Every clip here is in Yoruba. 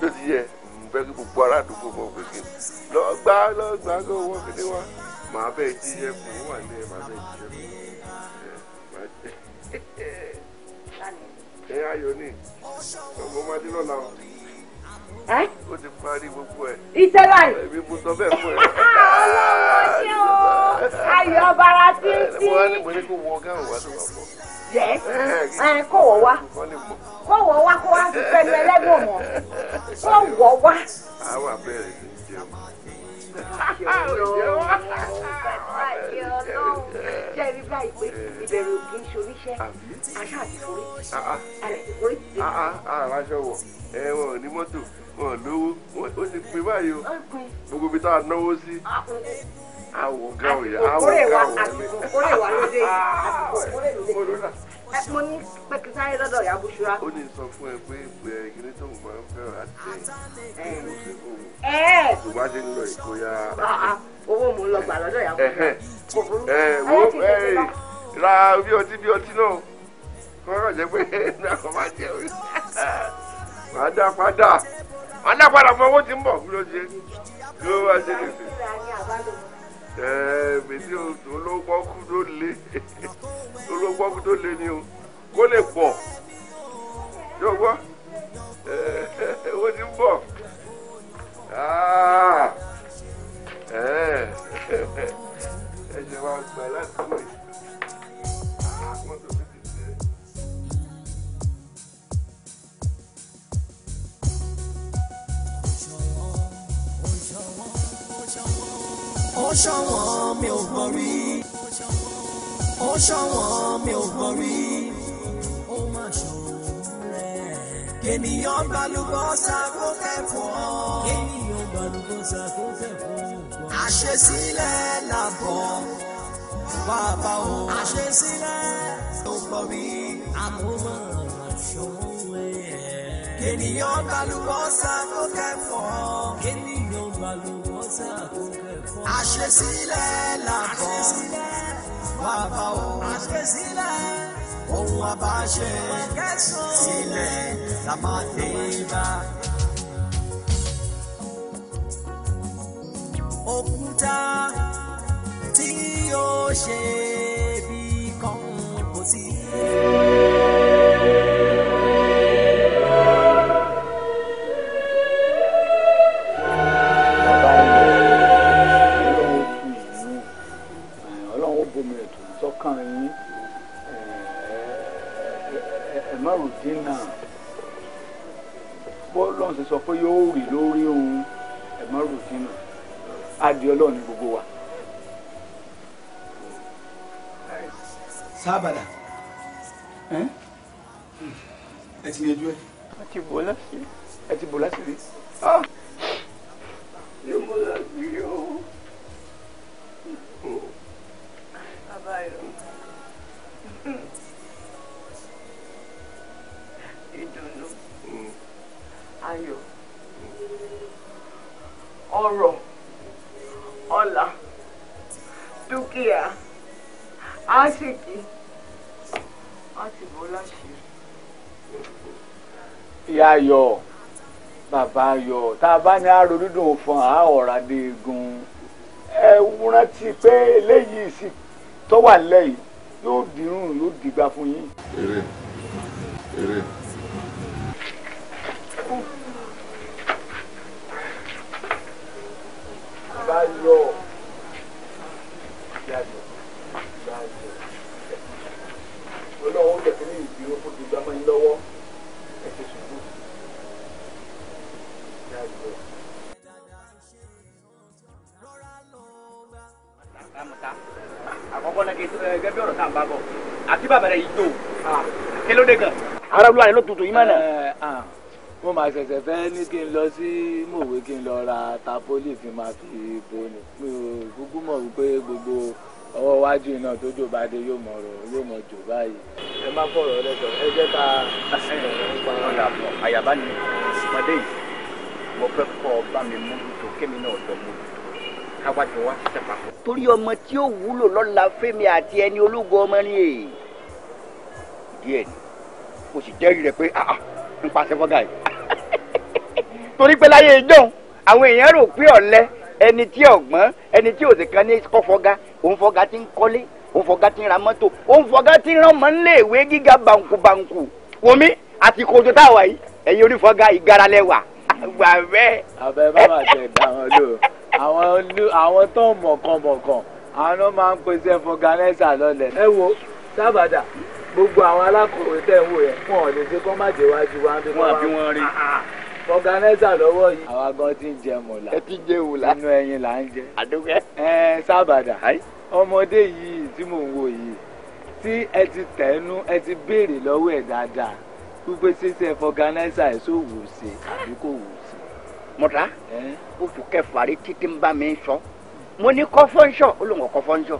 tó ti yẹ bẹ́ẹ̀ kí gbogbo ará àdúgbò mọ̀ gbèsè lọ́gbà lọ́gbà kó wọ́n kéde wá màá bẹ́ẹ̀ jíjẹ fún wà ní ẹ̀ màá bẹ́ẹ̀ jíjẹ fún ẹ̀ màá jẹ́ ẹ ayọ̀ ní ọmọ ọmọdé lọ́la o. ó ti parí gbogbo ẹ̀. iṣẹ́ báyìí. èmi mo sọ bẹ́ẹ̀ fún ẹ. ọlọ́run ṣé o ayọ̀ bàrà tí ń tí. mo ní kó wọ gáwọn wá tó wà pọ̀. Yes. Ẹ kó wọ̀ wá. Kó wọ̀ wá kó Ah, sí pẹ̀lú ẹlẹ́gbọ̀n Ah, Kó wọ̀ wá. Àwọn abẹ́rẹ́ ti jẹun. Jẹ́rí báyìí pé ìbẹ̀rù kì í ṣoríṣẹ́. Ah, ah, ah, Àti forí. Aṣọ wọ̀ ẹ wọn ò ní mọ́tò wọn ò lówó ó ti pin báyìí o. Gbogbo ibi tá a náwó sí àkókòrè wa àkókòrè wa lóde yìí àkókòrè lóde yìí mo ní pẹkisáré lọ́dọ̀ ìyá bùsùlá. ó ní sọ fún ẹ pé ìgbẹ́ ìgbẹ́ tó ń bọ̀ ń fẹ́ràn láti ṣe ìlú sí òun. tó bá ṣe ń lọ ìkóyà. Ah, ah. owó oh, lọ gbà lọ́dọ̀ ìyá bùsùlá. ẹ wo ra bí ọtí bí ọtí náà kọ́ ọ̀rọ̀ jẹ́ pé náà kọ́ máa jẹ orí. padà padà padà padà fún owó tí ń bọ̀ kí ló ṣe kí ló wá ṣe nìyẹn èmi olówókú tó lé olówókú tó lé ni o kó lè pọ̀ yóò gbọ́ owó ti ń bọ̀ ẹ ṣe wá gbà láti wọ̀ yìí. ó ṣọ̀wọ́n mi ò mọ̀ rí ó ṣọ̀wọ́n mi ò mọ̀ rí ó má ṣọ̀wọ́n rẹ̀. balùwọ̀ sàkó kẹ́kọ̀ọ́. ènìyàn balùwọ̀ sàkó kẹ́kọ̀ọ́. àṣesílẹ̀ làbọ̀ bàbá o àṣesílẹ̀ ló gbọ́ rí àmọ́ máa ṣọ̀wọ́n rẹ̀. ènìyàn balùwọ̀ sàkó. àṣẹ sílẹ̀ baba, bàbá o àṣẹ sílẹ̀ ohun àbáṣe sílẹ̀ làmàdé òkúta tí yóò ṣe bí kan kò sí. dínà bọ́lọ́n ṣe sọ pé yóò rí lórí òun ẹ̀mọ́ rùdínà adì ọlọ́run ní gbogbo wa. sábàdà ẹ ti yanjú ẹ. ẹ ti bọ̀ láti ẹ ti bọ̀ láti rí. Ah! ọrọ̀ ọlà dúkìá àṣìkí àti bọ́lá ṣe. ìyá ayọ̀ bàbá ayọ̀ tá a bá ní aró dídùn fún a ọ̀rá dé egun ẹ rántí pé eléyìí sì tó wà lẹ́yìn yóò dìrùn yóò dìgbà fún yín. eré eré. Báyọ̀ Báyọ̀ Báyọ̀ ọlọ́run ó tẹ̀sí ní ìdúró fún ti gbámọ́ yín lọ́wọ́ ẹ̀sẹ̀ ṣubú Báyọ̀. àkọ́kọ́ náà gẹ́gẹ́ bí ọ̀rọ̀ tá à ń bá bọ̀ àti bàbá rẹ̀ yìí tó ah. kí ló dé gan. ara olúwa rẹ̀ ló tutù yín mọ́ mo máa ṣẹ̀ṣẹ̀ fẹ́ ní kí n lọ sí mòwe kí n lọ ra tapoli fi máa fi bo ni mi ò kúkú mọ̀ wípé gbogbo ọwọ́ iwájú iná tó jò bá dé yóò mọ̀ ọ̀rọ̀ yóò mọ̀ jò báyìí. ẹ má fọ̀rọ̀ lẹ́sọ̀ ẹ jẹ́ ká ọ̀rọ̀ là mọ̀ àyàbá ni ìsìnkàdé yìí mo fẹ́ kọ́ bá mi mójútó kémi náà lọ mójútó káwájú wa ṣiṣẹ́ papọ̀. torí ọmọ tí ó wúlò lọ́la fẹ́mi àti ẹni ológo ọmọ ni èyí e. díẹ̀ ni mo sì jẹ́rìí rẹ̀ pé ah ah ń pàṣẹ fọ́gà yìí torí pé láyé ìjọ́un àwọn èèyàn rò pé ọ̀lẹ ẹni tí ọ̀gbọ́n ẹni tí òsè kan ní kọ́ fọ́gá òun fọ́gá ti ń kọ́lé òun fọ́gá ti ń ra mọ́tò òun fọ́gá ti ń rán mọ́ nílé ìwé gíga bàǹkù bàǹkù wòmí àti kojú táwa yìí ẹ̀yin onífọ́gá ìgaralẹ́wà àgbà bẹ́ẹ̀. àbẹ bàbá tẹ dá wọn lò àwọn olú àwọn tó mọ̀kànmọ̀kàn àwọn máa ń pèsè fọgánẹ́sà lọ́lẹ̀. ẹ wo sábàdà gbogbo àwọn alákòwé tẹ̀ ń wò yẹn fún ọ̀nìtì fọgànẹ́sà lọ́wọ́ yìí àwa gan ti ń jẹ mọ̀lá ẹ ti jẹ wòlá inú ẹyin là ń jẹ àdókẹ́ ẹ sábàdà ọmọdé yìí tí mò ń wò yìí tí ẹ ti tẹ̀ẹ́nu ẹ ti béèrè lọ́wọ́ ẹ̀ dáadáa wípé ṣíṣe fọgànẹ́sà ẹ̀ sọ wò ṣe àbí kò wò ṣe. mọ̀tá oṣù kẹfà rí títí ń bá mi sọ mo ní kọ́ fọ́nṣọ̀ olóńgbò kọ́ fọ́nṣọ̀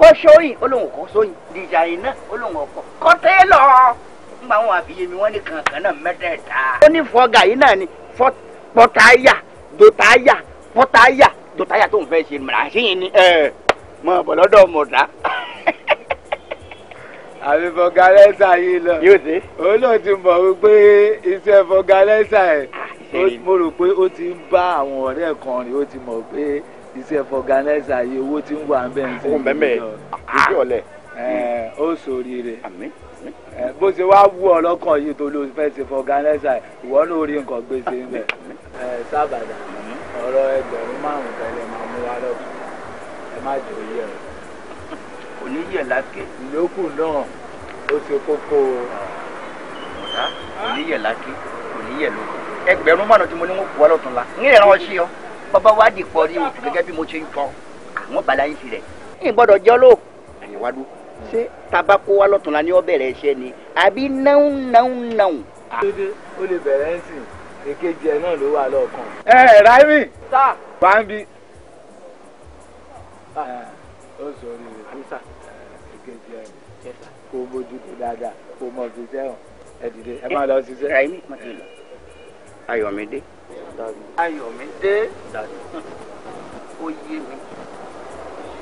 kọ́ sóyìn olóńgbò kọ́ sóyìn dìjà iná olóńgbò kọ́ kọ́ tẹ́lọ̀ n bá wọn àfiyèmí wọn ní kankan náà mẹ́tẹ̀ẹ̀ta. ó ní fọ́gà yìí náà ni pọ́táyà dòtáyà pọ́táyà dòtáyà tó ń fẹ́ ṣe mìíràn ṣé yẹn ni mọ bọ̀lọ́dọ̀ mọ̀tá. àbí fọgàlẹ́sà yìí lọ yóò dé. òun náà ti mọ̀ wípé iṣẹ́ fọgàlẹ́sà ẹ̀ ah, mo rò pé ó ti ń bá àwọn ọ̀rẹ́ kan rìn ó ti mọ̀ pé iṣẹ́ fọgàlẹ́sà yìí owó ti ń wà ń bẹ́ẹ̀ ń sẹ́yìn lọ. Ah, ah. Eh. ó sòrí rẹ̀. àmín bó ṣe wá wú ọ lọ́kàn yìí tó ló fẹ́ ṣe fọgánẹ́sà ìwọ náà rí nǹkan gbèsè ń bẹ̀ sábàdà ọ̀rọ̀ ẹgbẹ̀rún márùn-ún máa mú wa lọ́kàn ẹ má jò yẹ ọ. kò lákè. ìyókù náà ó ṣe kókó o. lákè kò ní ẹgbẹ̀rún márùn tí mo ní wọ́n kú wa lọ́tún la ń rẹ̀ wọ́n ọ bàbá wa dì pọ̀ rí o gẹ́gẹ́ bí mo ṣe ń tọ́ àwọn bàlá yín ti rẹ̀ ṣé tabako wa lọ́tùnla ni ó bẹ̀rẹ̀ iṣẹ́ ni àbí náwó náwó náwó. dédé ó lè bẹ̀rẹ̀ ń sìn èkejì ẹ̀ náà ló wà lọ́ọ̀kan. ẹ ẹ ráìmì bambi. ó sọ rí rẹ èkejì ẹ̀ kó bójú tó dáadáa kó mọ̀ fi sẹ́wọ̀n ẹ dìde ẹ má lọ ṣiṣẹ́. ráìmì má ti lọ ayọ̀mídé. ayọ̀mídé ó yé mi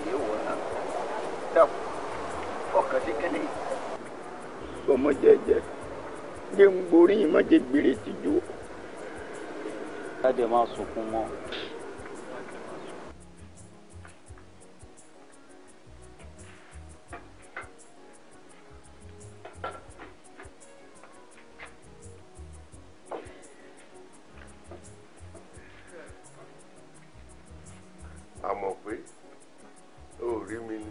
ṣé wọ́n náà dákun ọkàn sí kínní ọmọ jẹ́jẹ́ jẹ́ ń gborí yìí má jẹ́ gbèrè tìjú. jáde máa sunkún mọ́. àmọ̀ pé ó rí mi ni.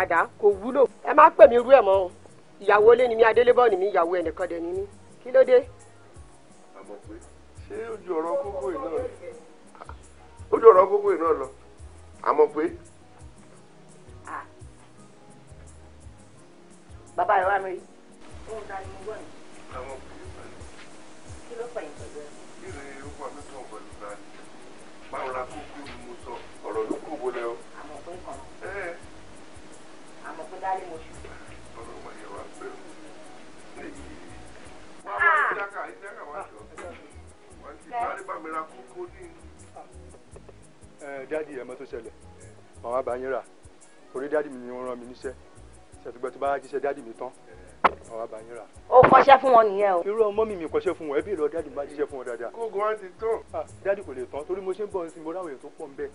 àdá kò wúlò ẹ má pè mí irú ẹ̀ mọ́ o ìyàwó ilé ni mí adélébọ̀ ni mí ìyàwó ẹnìkan dẹ̀ ni mí kí ló dé. àmọ́ pé ṣé ojú ọ̀rọ̀ kókó yìí náà ojú ọ̀rọ̀ kókó yìí náà lọ àmọ́ pé. bàbá ẹ mi. àmọ́ pé. Eh, dádì ẹ̀mọ́ tó ṣẹlẹ̀ màmá bá yín rà orí dádì mi ni wọ́n rán mi níṣẹ́ ṣètùgbẹ́ tó bá jíṣẹ́ dádì mi tán màmá bá yín rà. ó kọ́ṣẹ́ fún wọn nìyẹn o. irú ọmọ mi mi kọ́ṣẹ́ fún wọn ẹbí lọ dádì bá jíṣẹ́ fún wọn dáadáa. kó gan ti tán. Ah, dádì kò lè tán torí mo ṣe ń bọ̀ nsìn mo ráwọ̀ èèyàn tó pọ̀ ń bẹ́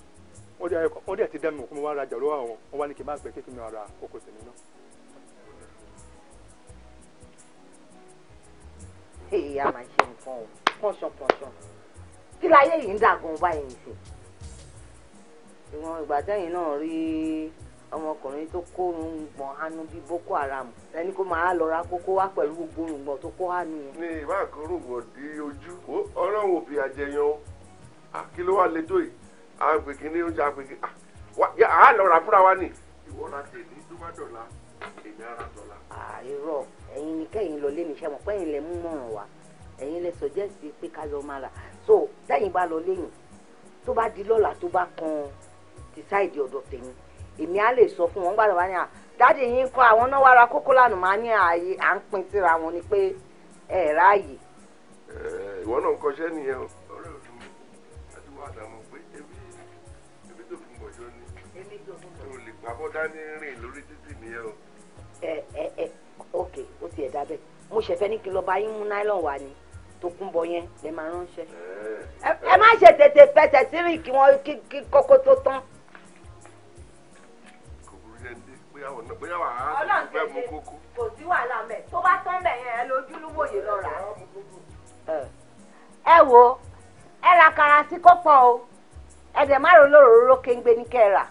wọ́n dẹ̀ ti dá mi mọ̀ kó mo wá rajà lọ́wọ́ àwọn wọn wá ní kí n má gbẹ́ kékeré mi ara kókò tèmi náà. èyí á máa ṣe nǹkan o pọ̀nṣọ̀pọ̀nṣọ̀ kí láyé yìí ń dàgbọ̀n báyìí nìsín ìwọ̀n ìgbà tẹ́yìn náà rí ọmọkùnrin tó kó rùngbọ̀n hánú bíi boko haram ẹni kó máa lọ́ra kókó wá pẹ̀lú gbogbo rùngbọ̀n tó kó hánú yẹn. ní ìbá kan rùngbọ̀n di ojú ọlọ́run òbí àjẹyàn o kí ló wà lẹ́tọ̀ yìí àgbègbè ní oúnjẹ àgbègbè àá lọ́ra fúnra wa nì. ìwọ ra tèmi tó bá dọ̀la èmi ara dọ̀la. àìrọ ẹ̀yin ni kẹ́yìn lọ lé mi ṣe mọ̀ pé ẹ̀yin lẹ mú mọ̀ràn wa ẹ̀yin lẹ sọjẹsì pé ká lọ máa rà so tẹ̀yin bá lọ léyìn tó bá di lọ́la tó bá kan decide ọ̀dọ̀ tèmi èmi á lè sọ fún wọn gbàdúrà ní à dáàdì yín kọ́ àwọn náà wára kókó lánàá máa ní ààyè à ń pin síra wọn ni pé ẹ ráàyè. ìwọ náà ń kọṣẹ́ nìyẹn o ọ̀rẹ́ òdu àti wà dààmú pé ebi ebi tó fún bọ̀jọ́ ni tó lè gbà bọ́ dání rìn lórí títì nìyẹn o. ẹ ẹ ẹ ok ó ti ẹ̀ dábẹ́ mo ṣẹ̀fẹ́ ní kí lọ́ba yín mú nylon wá ni tó kún bọ yẹn lè máa ránṣẹ́. ẹ má ṣe tètè pẹ̀tẹ̀ sírì kí wọ́n kí kókó tó tán. bóyá ẹ wo ẹ ra kara sí kọ́pọ̀ o ẹ dẹ̀ má ronú òróró kéńgbé ní kẹ́ra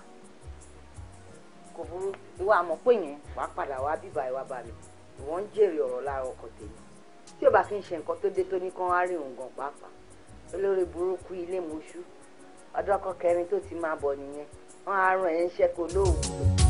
kò burú ìwà àmọ́ pé yẹn wàá padà wá bíbá ìwà balẹ̀ ìwọ ń jèrè ọ̀rọ̀ lára ọkọ̀ tèmi tí ò bá kí n ṣe nǹkan tó dé tó ní kán á rí òun gan pàápàá olórí burúkú ilé mọ́ṣú ọdún ọkọ kẹrin tó ti máa bọ̀ nìyẹn wọ́n á ràn ẹ́ ń ṣẹ́kọ̀ọ́ lóògùn.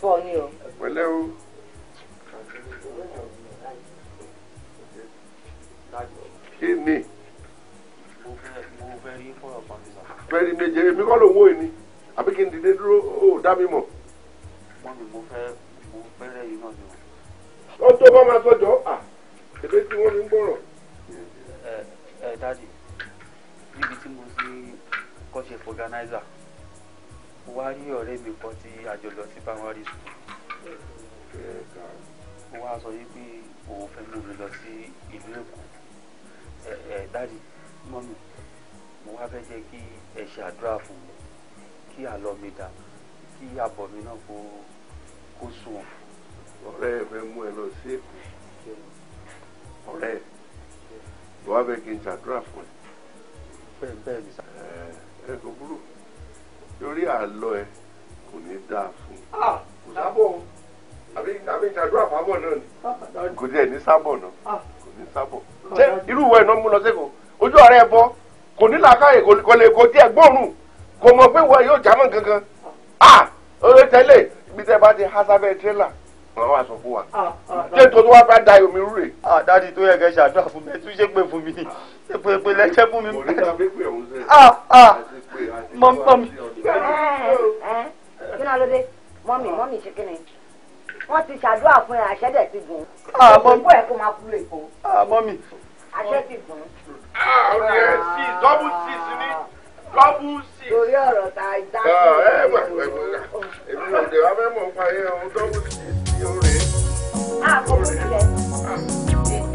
Pẹ̀lẹ́ o. fẹ́ rí méje èmi kọ́ ló ń wò ni àbí kí n dìde dúró ó dá mi mọ̀. mo ní mo fẹ́ mo fẹ́rẹ̀ yìí náà ni ó tó bá máa tọjọ́ à èdè tí wọ́n fi ń gbọ́rọ̀. ẹ ẹ dáàdì níbi tí mo ti kọ́ ṣe wá rí ọ̀rẹ́ mi kan tí àjọ lọ sí primary school ó wá sọ yìí òun fẹ́ mú mi lọ sí ìlú èkó ẹ ẹ dáàdì mọ́mí mo wá fẹ́ jẹ́ kí ẹ ṣe àdúrà fún mi kí àlọ́ mi dà kí àbọ̀ mi náà kó kó sùn. ọ̀rẹ́ ẹ fẹ́ mú ẹ lọ sí èkó ọ̀rẹ́ ẹ mo wá fẹ́ kí n ṣàdúrà fún ẹ. bẹ́ẹ̀ bẹ́ẹ̀ ni sá. ẹ kò burú lórí àlọ́ ẹ kò ní dáa fún. kò sábọ̀ àbí àbí ìṣàdúrà fábọ̀ náà ni. kò tiẹ̀ ní sábọ̀ náà kò ní sábọ̀. ṣé irú ìwọ ẹ̀ náà mú lọ sí èkó ojú ọ̀rẹ́ ẹ bọ́ kò ní làákàyè kò lè kò díẹ̀ gbóòórùn kò mọ̀ pé wọ́n yóò jámọ́ kankan ah oye tẹ́lẹ̀ ibi tẹ́ bá ti há sábẹ́ tírélà wọ́n wá sọ fún wa ah, ah, ṣé nítorí wọ́n fẹ́ da omi rú rè. dáàdi tó yẹ kẹ́ ṣàdúrà fún mi tún ṣe pé fún mi pé pé lẹ́jẹ́ fún mi. mọ̀ nígbà pípé òun ṣe. mọ̀ mọ̀ mi. kí ló ló dé mọ́mì mọ́mì ṣe kí ni wọ́n ti ṣàdúrà fún ẹ àṣẹ dẹ̀ ti gùn. àmọ́ mi àmọ́ mi. ti gùn ọ̀rẹ́ sí dọ́bù sí sí ní dọ́bù sí. torí ọ̀rọ̀ ta ìdá. Ah,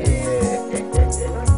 ẹ ẹ wà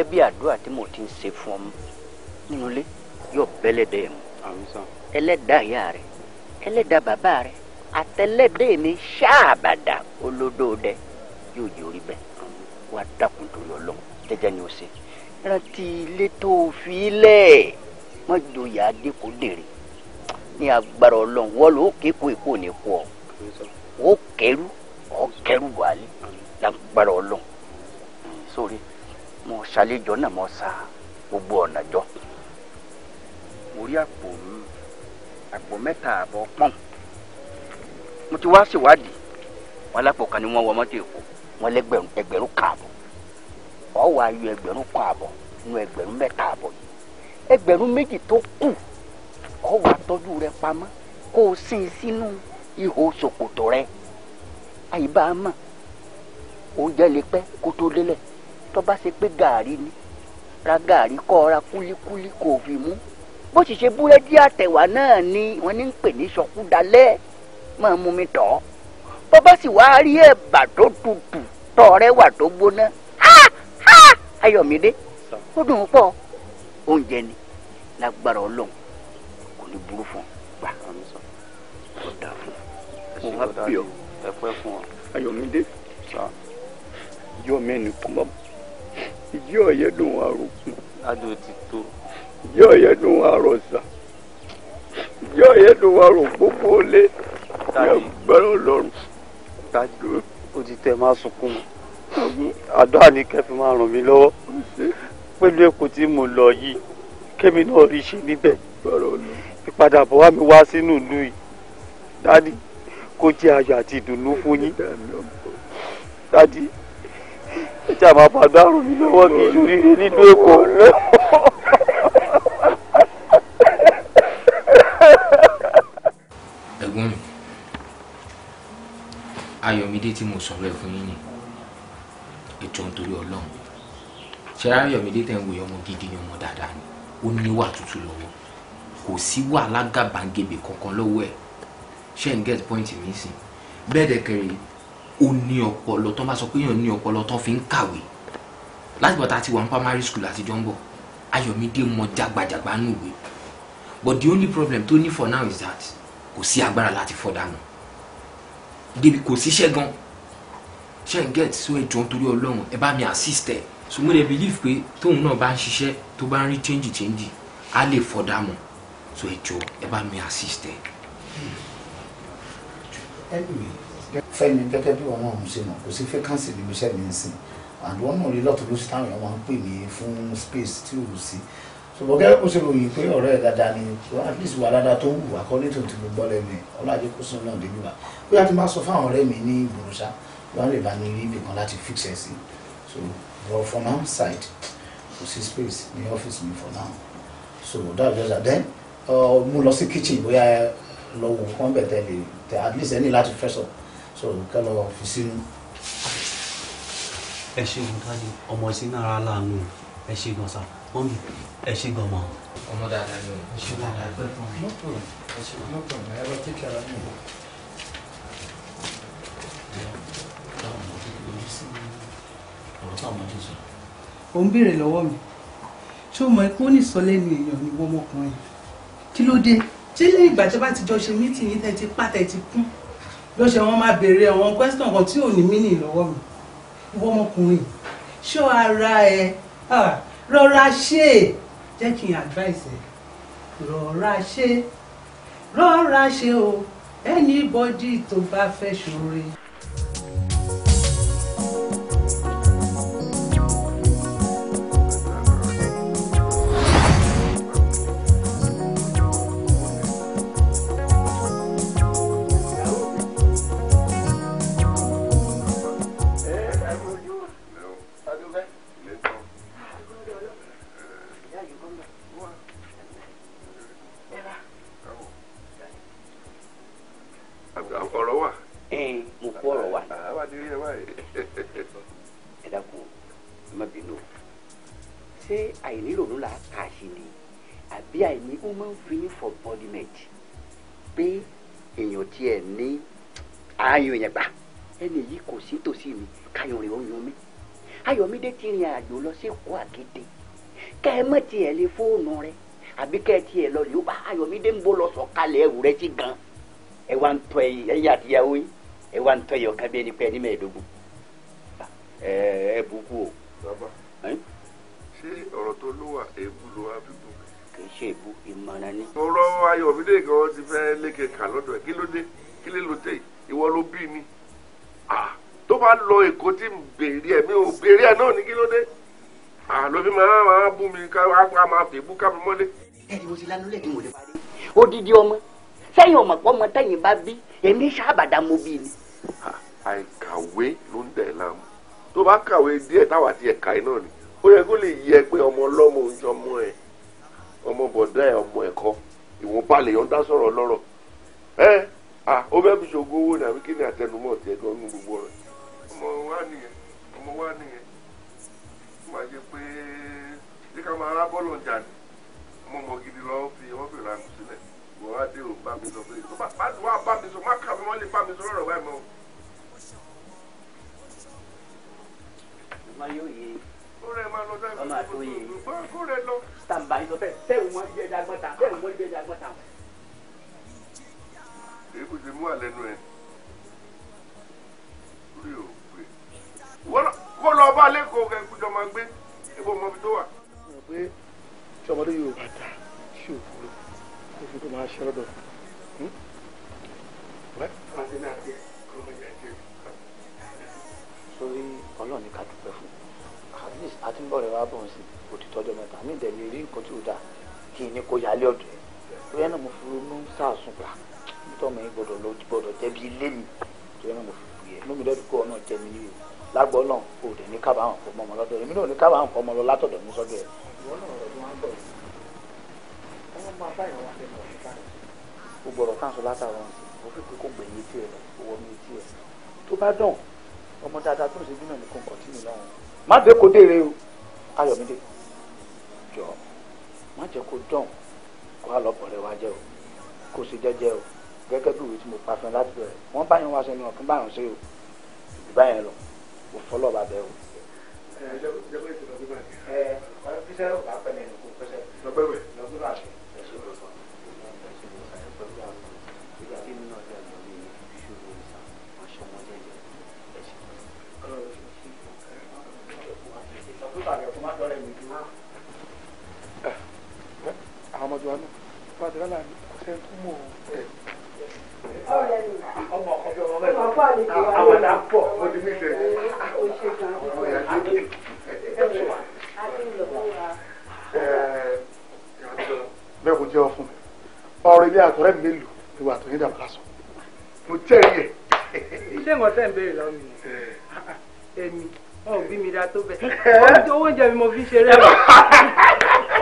gẹ́gẹ́ bí àdúrà tí mo ti ń ṣe fún ọmọ nínú ilé yóò bẹ́lẹ́dẹ̀ mu ẹlẹ́dàá ìyá rẹ̀ ẹlẹ́dàá bàbá rẹ̀ àtẹlẹ́dẹ̀ mi ṣáàbàdà olódòdẹ yóò jẹ́ orí bẹ́ẹ̀ wàá dàkún torí ọlọ́run jẹ́jẹ́ ni ó ṣe rántí ilé tó fi lẹ̀ wọ́n joyà adékòdèrè ní agbára ọlọ́run wọ́n ó kéko èkó ní kú ọ ó kẹrù ọ kẹrù wàlẹ́ lágbára ọlọ́run sórí. mo ṣàlejò náà mo gbogbo ọ̀nà jọ mo rí àpò mi àpò mẹ́ta àbọ̀ pọ́n mo ti wá síwádìí wọn lápò kan ni wọn wọ mọ́tò èkó wọn lẹ́gbẹ̀rún ẹgbẹ̀rún kan àbọ̀ yọ kan àbọ̀ nu mẹ́ta àbọ̀ tó kù ọ̀ wá tọ́jú rẹ tó bá ṣe pé gàárì ni ra gàárì kọ́ ra kúlíkúlí kò fi mú bó sì ṣe búrẹ́dì àtẹ̀wà náà ni wọ́n ní ń pè ní sọkúdalẹ́ máa mú mi tọ́ bó bá sì wá rí ẹ̀bà tó tutù tọ́ rẹ wà tó gbóná ayọ̀mídé ó dùn pọ̀ oúnjẹ ni lágbára ọlọ́run kò ní burú fún gbà ó dà fún mo wá pè ọ́ ayọ̀mídé yọ̀ mẹ́ni kò ìjí ọ̀yẹ́ dùn àròkùn. adò ti tó. ìjí ọ̀yẹ́ dùn àròsà ìjí ọ̀yẹ́ dùn àrò gbogbo lé gbẹ́rún lọ́rùn. dájú ó ti tẹ máa sunkún àdó àníkẹ́ fi máa ràn mí lọ́wọ́ pẹ̀lú èkó tí mo lọ yìí kémi náà rí ṣe níbẹ̀ ìpadàbọ̀ wá mi wá sínú ìlú yìí dádì kó jẹ́ ayọ̀ àti ìdùnnú fún yín dádì tí a máa fa dárò mi lọ́wọ́ kí n ṣoríire nínú èkó lẹ́wọ̀n. ẹ̀gbọ́n mi ayọ̀mídé tí mo sọ̀rọ̀ ẹ̀ fún yín ni ètò nítorí ọlọ́run ṣe ayọ̀mídé tẹ̀ ń wòye ọmọ gidi ni ọmọ dáadáa ni ó níwà tútù lọ́wọ́ kò sí wà lágàbàgebè kankan lọ́wọ́ ẹ̀ ṣe ń get point mi sí bẹ́ẹ̀ dẹ̀ kẹrin ó ní ọpọlọ tó bá sọ pé èèyàn ní ọpọlọ tó fi ń kàwé láti bọ̀ tá a ti wà ní primary school àtijọ́ ń bọ̀ Ayọ̀mídé mọ jagbajàgba nù ìwé but the only problem tó ní for now is that kò sí agbára láti fọ́ dànù débi kò síṣẹ́ gan ṣe get so ẹ jọ̀ọ́ nítorí Ọlọ́run ẹ bá mi assist ẹ so mo dẹ̀ believe pé tóun náà bá ń ṣiṣẹ́ tó bá ń rí change change á lè fọ́ dànù so ẹ jọ̀ọ́ ẹ bá mi assist ẹ. anyway fẹ́mi gẹ́gẹ́ bí wọn náà ń ṣe mọ̀ kò sí fẹ́kánsì níbi iṣẹ́ mi ń sìn and wọn náà rí lọ́tọ̀ lóṣù táwọn èèyàn máa ń pè mí fún space tí ò sí ṣùgbọ́n gẹ́gẹ́ bó ṣe ròyìn pé ọ̀rẹ́ ẹ̀ ni at least wà dáadáa tó ń wù wá kọ́ nítorí tí mo gbọ́ lẹ́nu ẹ̀ ọlọ́àjẹ́ kó sún náà débi wá bóyá tí n bá sọ fáwọn ọ̀rẹ́ mi ní ìbòròṣà wọn lè bá mi rí ibì kan láti fix ẹ̀ sí so but for now side kò sí space ní ọ́fíìsì mi for now so that just that then uh, mo lọ sí kitchen bóyá lọ wò kán bẹ̀ tẹ́lẹ̀ at least ẹni láti fẹ́ sọ̀rọ̀ so nǹkan lọ fi sínú. ẹ ṣe gan dájú ọmọ sí náírà láàánú ẹ ṣe gan sá mọ́mí ẹ ṣe gan mọ́. ọmọ dáadáa ni o ẹ ṣe dáadáa pẹ́ fún mi. mọ́tò ẹ ṣe mọ́tò ẹ lọ tí kẹrẹ mi. ò ń béèrè lọ́wọ́ mi ṣé o mọ̀ pé ó ní ìsọlẹ́nu èèyàn ni wọ́n ọmọkùnrin kí ló dé ṣé lẹ́yìn ìgbà tí wọ́n bá ti jọ ṣe mítìnyí tẹ̀ ti pátẹ̀ ti kún lọ́sẹ̀ wọn máa béèrè àwọn question kan tí ò ní mínì lọ́wọ́ mi ìwọ ọmọkùnrin ṣọ́ ara ẹ rọra ṣe jẹ́ kí n advice ẹ rọra ṣe rọra ṣe o anybody tó bá fẹ́ ṣoore. kẹ́ ẹ mọ̀ tiẹ̀ lé fóònù rẹ àbí kẹ́ ẹ tiẹ̀ lọ yóò bá ayọ̀mídé ń bó lọ sọ̀kalẹ̀ ẹ̀wù rẹ ti gan ẹ wá ń tọ́ ẹ̀yìn àtìyàwó yín ẹ wá ń tọ́ ẹ̀yọ̀ kan bí ẹni pé ẹni mẹ́ẹ̀ẹ́dógún ẹ bukú o. bàbá ṣé ọ̀rọ̀ tó ló wà èébú ló wà bíbú. kì í ṣe èébú ìmọ̀ràn ni. mo rọ ayọ̀mídé gan ti fẹ́ lékè kà lọ́dọ̀ ẹ̀ kí ló dé kí lè ló dé ìwọ ló bí mi tó bá lọ èkó tí ń béèrè ẹ̀ àlọ́bí máa máa bú mi ká a máa fi bú ká mi mọ́lé. ẹni mo ti lanu lẹ́yìn wò lè parí. odidi ọmọ sẹ́yìn ọmọ pọ́ ọmọ tẹ̀yìn bá bí èmi ṣàbàdà mo bí ni. àìkàwé ló ń dẹ̀ láàmú tó bá kàwé díẹ̀ táwa ti ẹ̀ka iná ni ó yẹ kó lè yẹ pé ọmọ ọlọ́mọ oúnjẹ ọmọ ẹ̀ ọmọ bọ̀dá ẹ̀ ọmọ ẹ̀kọ́ ìwọ̀n balẹ̀ yọ̀ ń dá sọ̀rọ̀ lọ́rọ̀ ẹ ó fẹ́ fi ṣògo owó ni àbí kí ni àtẹnumọ́ tiẹ̀ gan nínú gbogbo rẹ̀ ọmọ wa nìyẹn ọmọ wa nìyẹn máa jẹ pé bí ká máa rá bọ́ọ̀lù ọjà ni ọmọ ọmọ gidi lọ fi wọ́n fi ranù sílẹ̀ wọ́n á dé òun bá mi sọ pé tó bá wà bá mi sọ má kà mí wọ́n lè bá mi sọ lọ́rọ̀ báyìí mọ́. ọmọ yóò yé ọmọ àtúnyè stamba yìí lọ bẹ́ẹ̀ bẹ́ẹ̀ wọ́n jẹ́ jagbọ́ta bẹ́ẹ̀ wọ́n jẹ́ jagbọ́ta. èyí kò ti mú àlẹ́ nu ẹ̀ lórí o wọ́n lọ bá lẹ́kọ̀ọ́ kẹ́kọ̀ọ́ jọ máa gbé ibo ọmọ tó wà. pé tí ọmọdé yóò bá ta sí òkúrò kó fi kó máa ṣe lọ́dọ̀. Hmm? sórí ọlọ́run ní ká dúpẹ́ fún at least àtúbọ̀rẹ̀ wa bọ̀ sí òtítọ́jọ́ mẹ́ta mi dẹ̀ lè rí nǹkan tí ò dáa kí ni kò yálé ọ̀dọ̀ ẹ̀ bóyá náà mo fi ronú sáàsùn gbà nítorí ọmọ yẹn gbọ́dọ̀ lọ gbọ́dọ̀ jẹ́bi ilé mi náà mo fi pè é lómi lọ́dún kó ọ náà jẹ́ mi ní ìwé lágbọ́ náà o dẹ̀ ní kábàámọ̀ pọ̀ mọ́ ọmọ lọ́dọ̀ èmi náà ní kábàámọ̀ pọ̀ mọ́ lọ látọ̀dọ̀ mi sọ́dọ̀ ẹ̀. o gbọ́dọ̀ káàsó látàrọ̀ o fi kókó gbẹ̀yìn etí ẹ̀ owó mi etí ẹ̀ tó bá dàn ọmọ dáadáa tó ń ṣe bínú nìkan kọ̀ tí mi lọ́wọ́ má dé kó dé re o ayọ̀mídé jọ má jẹ́ kó dàn kó a lọ bọ̀rẹ̀ wá jẹ́ o kó ṣe jẹ́jẹ́ o gẹ́gẹ́ bí ìwé tí mo pa fún ẹ láti bẹ̀rẹ̀ wọ́n báyọ̀ wá sẹ́nu ọ̀kún báyọ̀ ṣe o ìbáyẹn lọ o. ẹ ẹ fíṣẹ́ ò bá pẹ́ nínú kó pẹ́sẹ́. lọ́gbẹ́wẹ̀ lọ́gbẹ́wẹ̀ àti ẹ̀ṣẹ́ lọ́sọ̀. àwọn ọmọdé wa náà wọ́n ti rán láàrin ọ̀sẹ̀ tó ọmọ ọkọ ilé àtọ̀rẹ́ mélòó ni wà tó ní dàbọ̀ lásán mo jẹ́rìí ẹ̀. ṣé nǹkan tẹ̀ ń béèrè lọ́wọ́ mi ni wọn ò bí mi dá tó bẹ́ẹ̀ oúnjẹ mi mo fi ṣeré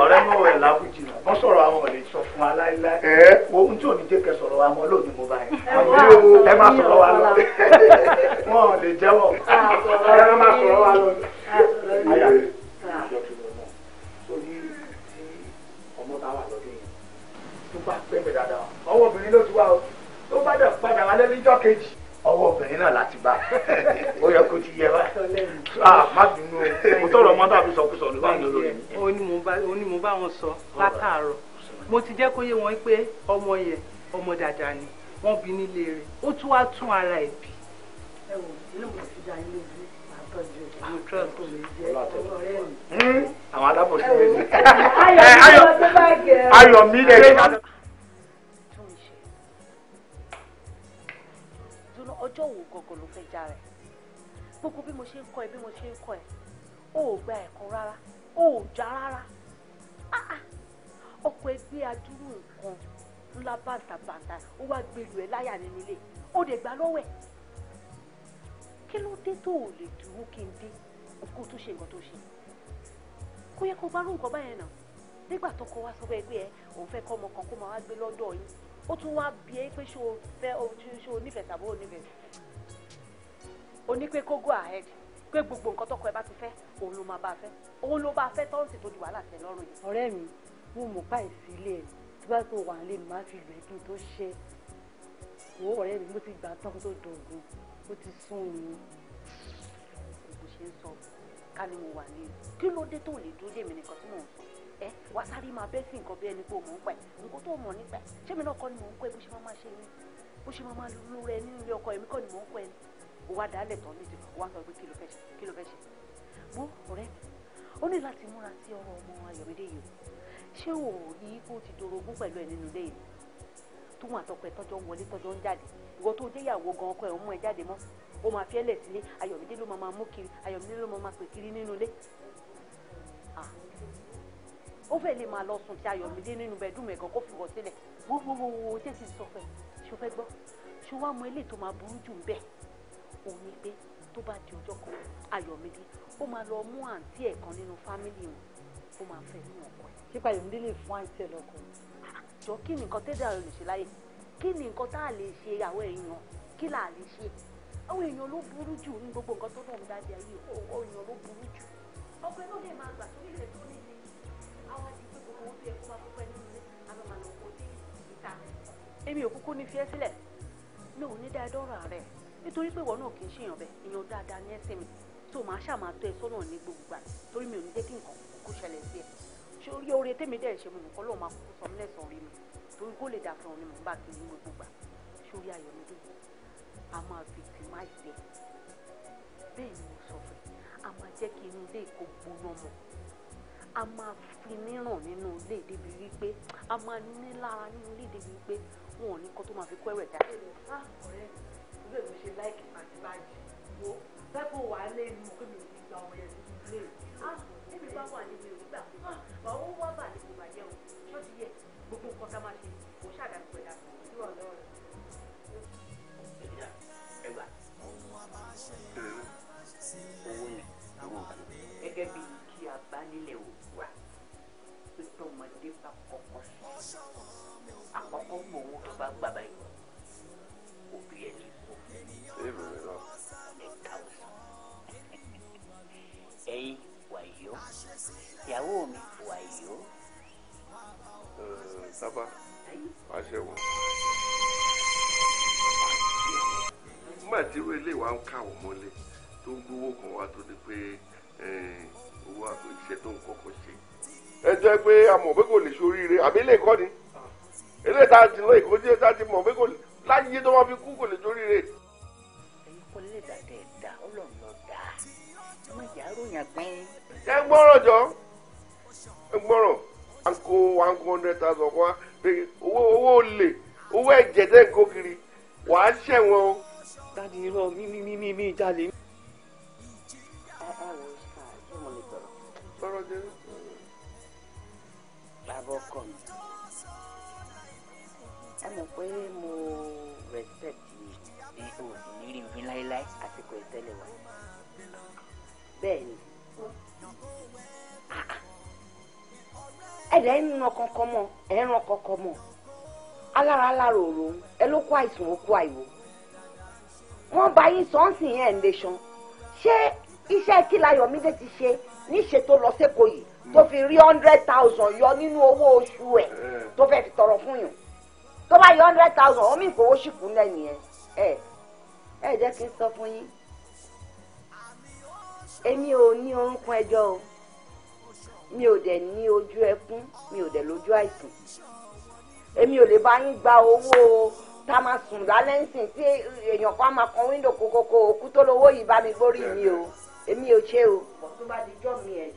ọ̀rẹ́ mọ̀ ẹ̀ lábùjì náà wọ́n sọ̀rọ̀ àwọn ọ̀lẹ́ sọ fún wa láíláí wo ohun tí ò ní jẹ́ kẹ́ sọ̀rọ̀ wa mọ́ lónìí mo bá yẹn ẹ má sọ̀rọ̀ wa lọ wọn ò lè jẹ́wọ́ ẹ má sọ̀rọ̀ wa lọ. ọwọ́ obìnrin ló ti wá o tó bá dẹ̀ padà wálé níjọ́ kejì ọwọ́ obìnrin náà láti bá ó yẹ kó ti yẹ wá a ah, má bínú o mo tọrọ ọmọ tàbí sọkúsọ ló bá ń lọ lórí mi. ó ní mo bá wọn sọ látàárọ̀ mo ti jẹ́ kó yé wọn pé ọmọ yẹn ọmọ dáadáa ni wọ́n bí nílé rẹ̀ ó tún wá tún ara ẹ̀ bí. Hmm? ayọ̀ mi lè ọjọ́ wo gọ̀gọ̀ ló fẹ́ já rẹ̀ gbogbo bí mo ṣe ń kọ́ ẹ bí mo ṣe ń kọ́ ẹ o ò gba ẹ̀kọ́ rárá o ò já rárá ọkọ ẹgbẹ́ adúrú nǹkan ńlá bàǹtàbàǹtà ó wá gbèlú ẹ láyà nínú ilé ó dẹ̀ gbà lọ́wọ́ ẹ̀ kí ló dé tó o lè dúró kí n dé kó tó ṣe nǹkan tó ṣe kó yẹ kó bá rú nǹkan báyẹn náà nígbà tó kọ wá sọ pé ẹgbẹ́ ẹ òun fẹ́ kọ́ ọmọ kan kó máa wá gbé lọ́dọ̀ yín ó tún wá bí ẹ pé ṣé o fẹ́ ṣé o nífẹ̀ẹ́ tàbí o nífẹ̀ẹ́ o ní pé kó go ahead pé gbogbo nǹkan tọkọ ẹ bá ti fẹ́ òun ló máa bá a fẹ́ òun ló bá a fẹ́ tọ́rùn sì tó di wàhálà tẹ̀ lọ́rùn yìí. ọ̀rẹ́ mi mo mọ̀ pa ìsílẹ̀ ẹ̀ tí bá tó wà lè má fi lù ẹ́ kí n tó ṣe wò ọ̀rẹ́ mi mo ti gbà tán tó dògùn mo ti sún mi. kò ṣe ń sọ ká ní mo wà ní kí ló dé tó lè dúró dé mi nìkan tí mò ń sọ ẹ wá sáré máa bẹ́ sí nǹkan bí ẹni pé òun ń pẹ́ nǹkan tó mọ̀ nípa ẹ̀ ṣé mi náà kọ́ ni mò ń kọ́ ẹ bó ṣe máa ṣe ni bó ṣe máa lu rẹ nínú ilé ọkọ ẹ̀mí kọ́ ni mò ń kọ́ ẹ ni ó wá dálẹ̀ tán nídìí ó wá sọ pé kí ló fẹ́ ṣe kí ló fẹ́ ṣe mú ọ̀rẹ́ mi ó ní láti múra sí ọ̀rọ̀ ọmọ Ayọ̀mídé yìí ṣé ò ní kó ti dorogún pẹ̀lú ẹ̀ nínú ilé yìí tóun àtọkọ tọjọ ń wọlé tọjọ ń jáde ìwọ tó jẹyàwó gan ọkọ ẹ ń mú ẹ jáde mọ́ ó máa fi ẹlẹ sílé Ayọ̀mídé ló máa mú kiri Ayọ̀mídé ló máa pè kiri nínú ilé ó fẹ́ lè máa lọ sùn tí Ayọ̀mídé nínú bẹ́ẹ̀dúmẹ̀ gan kó fìwọ́ sílẹ̀ wọ́n wọ́n wọ́n wọ́n tẹ́sí sọ fẹ́ ṣó fẹ́ gbọ́ ṣó wá mọ eléyìí tó máa burú jù ń bẹ̀ òun ni pé tó bá di ọjọ́ kan Ayọ̀mídé ó máa lọ mú àǹtí ẹ̀ kan nínú fámìlì wọn ó máa fẹ́ ní ọkọ ẹ̀. sípa Ayọ̀mídé lè fún àǹtí ẹ̀ lọ́kọ. àjọ kí ni nǹkan tẹ́jà rẹ̀ lè ṣe láyè kí ni nǹkan tá a lè ṣe àwọn èèyàn kí là á lè ṣe àwọn èèyàn ló burú jù ní gbogbo nǹkan tó dùn dáadé ayé ọ̀yàn ló burú jù. ọpẹ́ ló lè máa gbà tó lè tó ní jẹ́ kó wá púpẹ́ nílé àwọn màmá kò dé ìta. èmi ò kúkú ní fi ẹ́ sílẹ̀ mi ò ní dáadọ́ rà rẹ̀ nítorí pé ìwọ náà kì í ṣèyàn bẹ́ẹ̀ èèyàn dáadáa ní ẹsẹ̀ mi tó máa ṣàmà tó ẹ sọ́nà ní gbogbo torí mi ò ní jẹ́ kí nǹkan kúkú ṣẹlẹ̀ sí ẹ ṣé orí oore tèmi dẹ̀ ṣe mo nìkan lóun máa kúkú sọmílẹ̀ sọ̀rí mi torí kó lè dà fún ni mò ń bá kiri ní gbogbo gbà sórí ayọ̀mídé a máa victimize ẹ bẹ́ẹ̀ ni mo sọ fún ẹ a máa jẹ́ kí inú ilé ìkó gbóná mọ́ a máa fi mí ràn nínú ilé débi wípé a máa ní lára nínú ilé débi wípé wọn ò ní kó tó máa fi kó ẹ̀rẹ̀ dá. ọ̀rẹ́ mi ìlú èmi ṣe láìkì pàtí báyìí wo bẹ́ẹ̀ wà á lé mi mọ̀ pé gbogbo nǹkan ká máa ṣe kò ṣàdàpọ̀ ẹ̀dà ìrọ̀lẹ́ ọ̀rẹ́ àkọ́kọ́ mọ owó tó bá gbà báyìí òbí ẹ̀ ti kú. èmi rẹ lọ. ẹyin wàyó ìyàwó mi wàyó. sábà wàá ṣe wọn. nígbà tí irú ilé wa ń káwọ́ mọ́lé tó ń gbowó kan wá tó di pé owó àpò iṣẹ́ tó ń kọ́kọ́ ṣe ẹ jẹ́ pé a mọ̀ pé kò lè ṣoríire àbí ilé ìkọ́ni ilé ìta ti lọ ìkọ́ni ilé ìta ti mọ̀ pé kò lè láyé tó wọ́n fi kú kò lè ṣoríire. ẹ̀yin kọ́ lè dàdẹ̀ dà ọlọ́run lọ dà ọmọ ìyá ròyìn àgbẹ̀. ẹ gbọ́rọ̀ jọ ẹ gbọ́rọ̀ à ń kó one hundred thousand wá pé owó owó olè owó ẹ̀jẹ̀ tẹ̀ ń kó kiri wàá ṣẹ̀wọ̀n o. dáàdi irọ́ mi mi mi mi jalè. ẹ ẹ wò ó ṣe àjọmọ̀ lè tọ̀rọ̀. tọrọ jẹ́rẹ́ bọ́kọ̀ mi ẹ mọ̀ pé mo respect bí òògùn ní rí mi láéláé àsìkò ìtẹ́lẹ̀ wa bẹ́ẹ̀ ni ẹ̀dẹ̀ ń ran kankan mọ́ ẹ̀ ń ran kankan alára alára òru ẹ ló kó àìsàn ó àìwò wọ́n bá yín sọ́ọ̀sì yẹn ẹ̀ ń lè ṣan ṣé iṣẹ́ kí Láyọ̀mídé ti ṣe níṣe tó lọ yìí tó fi rí hundred thousand yọ nínú owó oṣù ẹ̀ tó fẹ́ fi tọrọ fún yàn tó bá yọ hundred thousand omi ìkówó ṣìkú lẹ́yìn ẹ̀ ẹ̀ ẹ̀ jẹ́ kí n sọ fún yín èmi ò ní orúnkún ẹjọ́ o mi ò dẹ̀ ní ojú ẹkún mi ò dẹ̀ lójú àìsàn èmi ò lè bá yín gba owó tá a máa sùn lálẹ́ ńsìn tí èèyàn kan máa kan wíńdò kókókó òkú tó lówó yìí bá mi gbórí mi o èmi ò ṣe o. tó bá di jọ́ mi ẹ̀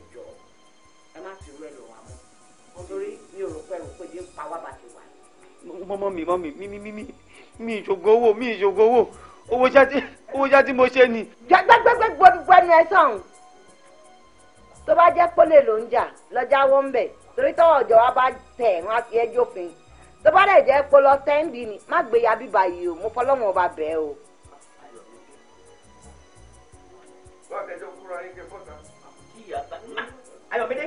ẹ má sì rú ẹ lọ wà mọ́ nítorí mi ò rò pé rò pé dé ń pa wá bàtì wà. mọ́mọ́ mi mọ́ mi mi mi mi mi ìṣògùn owó mi ìṣògùn owó owó jáde owó jáde mo ṣe ni. gbẹgbẹgbẹ gbọdúgbọ ẹnu ẹ sàn tó bá jẹ́ pólè ló ń jà lọ́jà wọ́n ń bẹ̀ torí tọ́wọ́ ọ̀jọ̀ wa bá tẹ̀ wọ́n á fi ẹjọ́ fin tó bá dẹ̀ jẹ́ pé lọ tẹ́ǹbì ni má gbé ya bíbá yìí o mo fọlọ́mọ ọba bẹ́ẹ̀ o. ayọ̀mídé.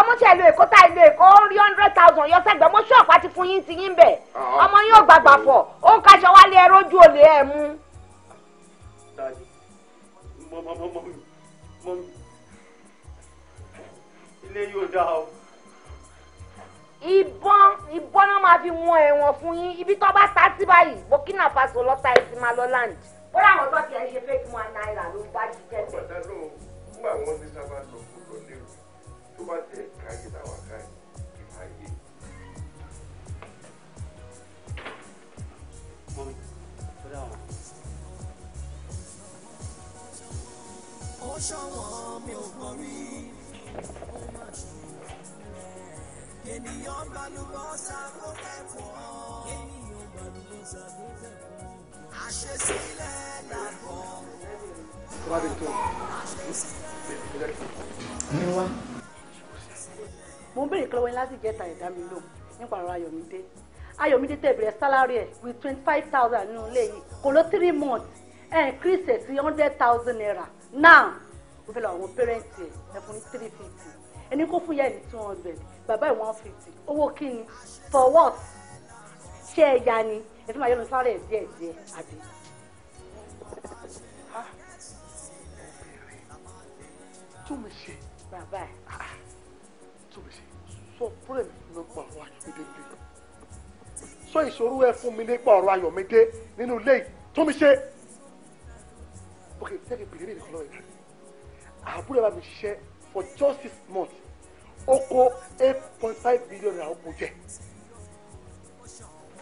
ọmọ tí ẹ lo èkó tá ẹ lo èkó ó rí hundred thousand yọ sẹgbẹ mo ṣọ́ọ̀pù àti fún yín ti yín bẹ̀ ah, ah. ọmọ yín ò gbàgbà fọ̀ ó ń kaṣọ wálé ẹ rójú olè ẹ mú. ilé yóò dá o. ìbọn ìbọn náà máa fi wọn ẹ̀wọ̀n fún yín ibi tó bá ta sí báyìí Burkina Faso lọ́tà ẹ̀ ti máa lọ land. ó láwọn tó ti ẹ̀ ń ṣe fake one náírà ló ń bá jíjẹ́ tẹ̀ tó bá mo ń béèrè kílọ̀wé láti jẹ́ta ẹ̀dá mi lò nípa ọ̀rọ̀ Ayọ̀mídé Ayọ̀mídé tẹ̀ bẹ̀rẹ̀ sálárì ẹ̀ with twenty five thousand nínú ilé yìí kò ló three months ẹ̀ ń increase ẹ̀ sí hundred thousand naira now mo fẹ́ lọ àwọn parents, ẹ̀ ẹ̀ fún three fifty ẹni kó fún yẹn ní two hundred bàbá ẹ̀ one fifty owó kí for what ṣé ẹ ya ni ẹ fi máa yọ lọ sáré ẹ díẹ̀ díẹ̀ àbí. Ah. tún mi ṣe bàbá ẹ sọ problem nípa ọ̀rọ̀ ayọ̀mídé bí sọ ìṣòro ẹ fún mi nípa ọ̀rọ̀ ayọ̀mídé nínú ilé yìí tó mi ṣe ok jẹ́ kí n bèrè nìkan lọ́wọ́ ìdá àbúrò bá mi ṣiṣẹ́ for just six months Oko kó eight point five billion naira ó kó jẹ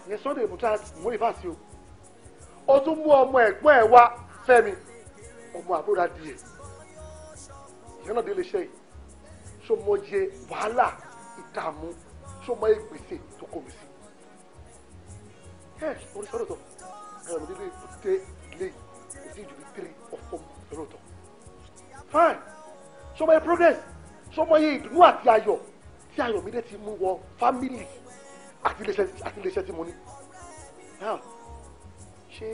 yẹn sunday muta mo lè fàṣẹ o ó tún mú ọmọ ẹ̀gbọ́n ẹ̀ wá fẹ́mi ọmọ àbúrò adìyẹ ìyẹn náà délé iṣẹ́ yìí sọmọye wàhálà dààmú sọmọ ìgbésẹ̀ tó kọ mi sí ẹ oríṣiríṣi ọ̀tọ̀ ẹ̀rọ mi nílé tẹ ilé yìí kò sí ìjùlọ three or four ẹ̀rọ ọ̀tọ̀ fine sọmọ yẹ progress sọmọ yẹ ìdùnnú àti ayọ̀ tí ayọ̀ mi dẹ̀ ti mú wọ family àti iléeṣẹ́ tí mo ní now ṣé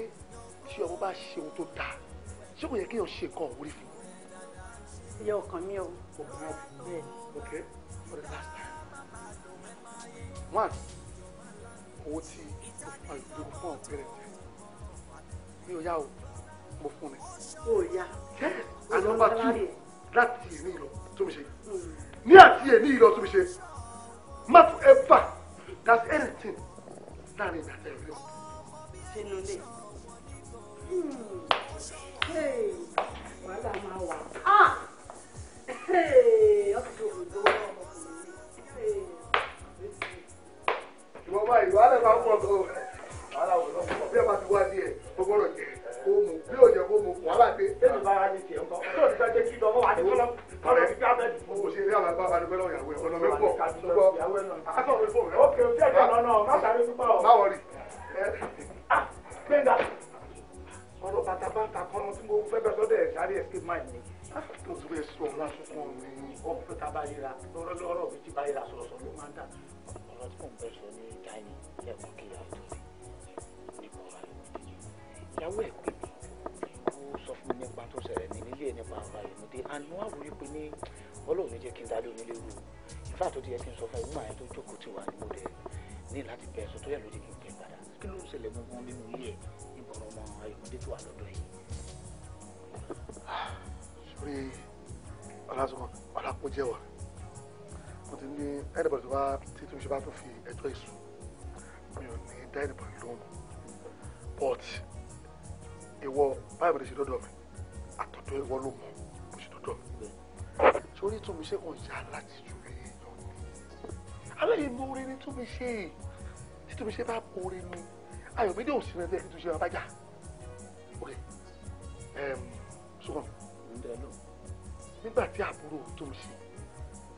tí ọmọ bá ṣe ohun tó dáa ṣé kò yẹ kéèyàn ṣe nǹkan òwúrí fún mi ò. ọkàn mi ò. bẹ́ẹ̀ okay for the last time one owó tí àgbẹ̀ fún ọ̀pẹ̀rẹ̀ mi ò yá o mo fún mi. o ya o lọ lára rẹ. láti èmi lọ tó mi ṣe ní àti èmi lọ tó mi ṣe má tún ẹ bà that's anything láàrin ìgbà tẹ̀lé rẹ. sínú ilé hmm. wàhálà máa wà. Ah. ọ̀sẹ̀ òdòdó. ìwọ máa ìwọ alẹ́ máa ń pọ̀ tó wàhálà wò lọ bí ẹ máa fi wá díẹ̀ ó gbọ́dọ̀ jẹ kó mu bí ó jẹ kó mu wàhálà dé. bẹ́ẹ̀ni bá ara ní tiẹ̀ ń bọ̀ tó ní fẹ́ẹ́ kí lọ́wọ́ wà ní wọ́n lọ́wọ́ ti gbá bẹ́ẹ̀. o ṣe ní àwọn bàbá àdúgbò lọ́wọ́ ìyàwó ẹ̀ ọ̀nà mi pọ̀ gbọ́ akọ̀ mi pọ̀ rẹ̀. òkè òjẹ́ ìjọ lọ́nà má sáré púpọ̀. má wọrí. gbẹ̀ngà ọ̀rọ̀ bàtà bàtà kan tí mo fẹ́ bẹ sọ́dọ̀ ẹ̀ sáré escape mind mi. mo ti bẹ sọ ọ̀rọ̀ àsokùn mi. ọ̀pọ̀ tá a bá yẹra lọ́rọ̀ lọ́rọ̀ mi ti bá yẹra sọ̀rọ̀sọ̀rọ̀ ló máa ń dà ẹni ẹ̀gbọ́n kí ìyàwó tó rí nípa ọ̀rọ̀ ìyàwó ẹ̀ pè mí ó sọ fún mi nípa tó ṣẹlẹ̀ ní nílé ẹ̀ nípa ọ̀rọ̀ àyèmọ̀dé àná àwòrán pé ní ọlọ́run jẹ́ kí n dálé onílé rú ìfá tó ti yẹ kí n sọ fún ọgbọ́n àyẹ̀tó jókòó ti wà ní mo dẹ̀ ní láti bẹ̀ ẹ̀sọ́ tó yẹ lóde kí n pẹ́ padà kí ló ń ṣẹlẹ̀ gbọ́ngàn nínú ilé ẹ̀ nípa ọmọ àyèmọ̀dé tó wà lọ́dọ̀ yìí. sori ọlásùnmọ ọlákùnjẹ wa mo ti ní ẹnìbọdì wa tí bá tún fi ẹjọ́ ìsùn mi ò ní dá anybody lóhùn but ìwọ báyìí mi lè ṣe dọ́dọ̀ mi àtọ̀dọ̀ ìwọ ló mọ̀ mo ṣe dọ́dọ̀ mi sórí tún mi ṣe kàn yá láti ju èèyàn mi aláyè mi orin ni tún mi ṣe tí tún mi ṣe bá orin ni ayọ̀ mi dé òsì náà lẹ́yìn tó ṣe máa bá jà ok sọ́kàn nígbà tí àbúrò tó mi ṣe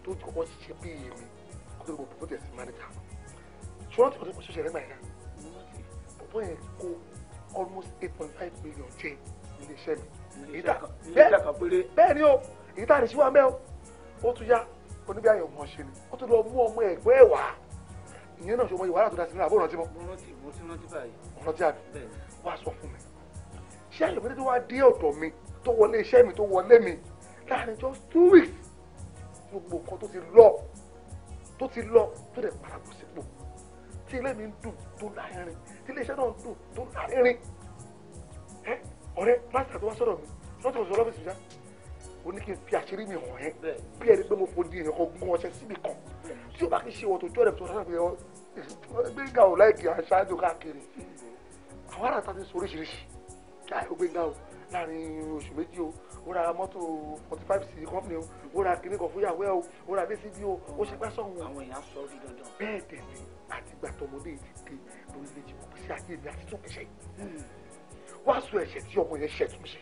tó kọ́kọ́ ṣe bí èmi kó tó gbogbo fún tẹ̀sí mánéjà ṣùgbọ́n tí kò tó kò ṣẹ̀ṣẹ̀ rẹ̀ gbàyàn bọ̀bọ̀ kó almost eight point five million jẹ iléeṣẹ́ mi bẹ́ẹ̀ ni o èyí tá a lè ṣíwá mẹ́ o ó tún yá oníbí ayọ̀ mọ̀ ṣe ni ó tún lọ mú ọmọ ẹ̀gbọ́n ẹ̀ wá ìyẹn náà ṣọmọ ìwádà tó dá sí nínú àbúrò rántí mọ́. mo rántí mo ti rántí báyìí. mo rántí àbí wàá sọ fún mi ṣé àyọ̀mídé tó wá dé ọ̀dọ̀ mi tó wọlé iṣẹ́ mi tó wọlé mi láàrin just two weeks gbogbo nǹkan tó ti lọ tó ti lọ tó dẹ̀ parapọ̀ sí tí ilé mi ń dùn tó láìrin tí iléeṣẹ́ náà ń dùn tó láìrin ẹ ọ̀rẹ́ pásítà tó wá sọ̀rọ̀ mi lọ́tọ̀ ọ̀sọ̀ lọ́fíìsì já o ní kí n fi àṣírí mi hàn ẹ́ bí ẹni pé mo fò di ìrìn gún ọṣẹ síbi kan tí o bá kí ṣe ọ̀tọ̀ jọ́ rẹ̀ tó rárá mi gbẹ̀ngà ò láìkì aṣáájú káàkiri àwọn ará ta ti sọ oríṣiríṣi kí àyè gbẹ̀ngà ò láàrin oṣù méjì o ó ra mọ́tò forty five sí company o ó ra kìnnìkan fúyàwó ẹ o ó ra bẹ́sí bí o ó ṣe gbá sọ̀hún. àwọn èèyàn sọ ọ́ dandan. bẹ́ẹ̀ tẹ̀lé àtìgbà tọmọdé ìdíje lórí méjì wọ́n pèsè ayé mi àti túnmí ṣe wá sọ ẹ̀ṣẹ̀ tí ọmọ yẹn ṣẹ̀ túnmí ṣe.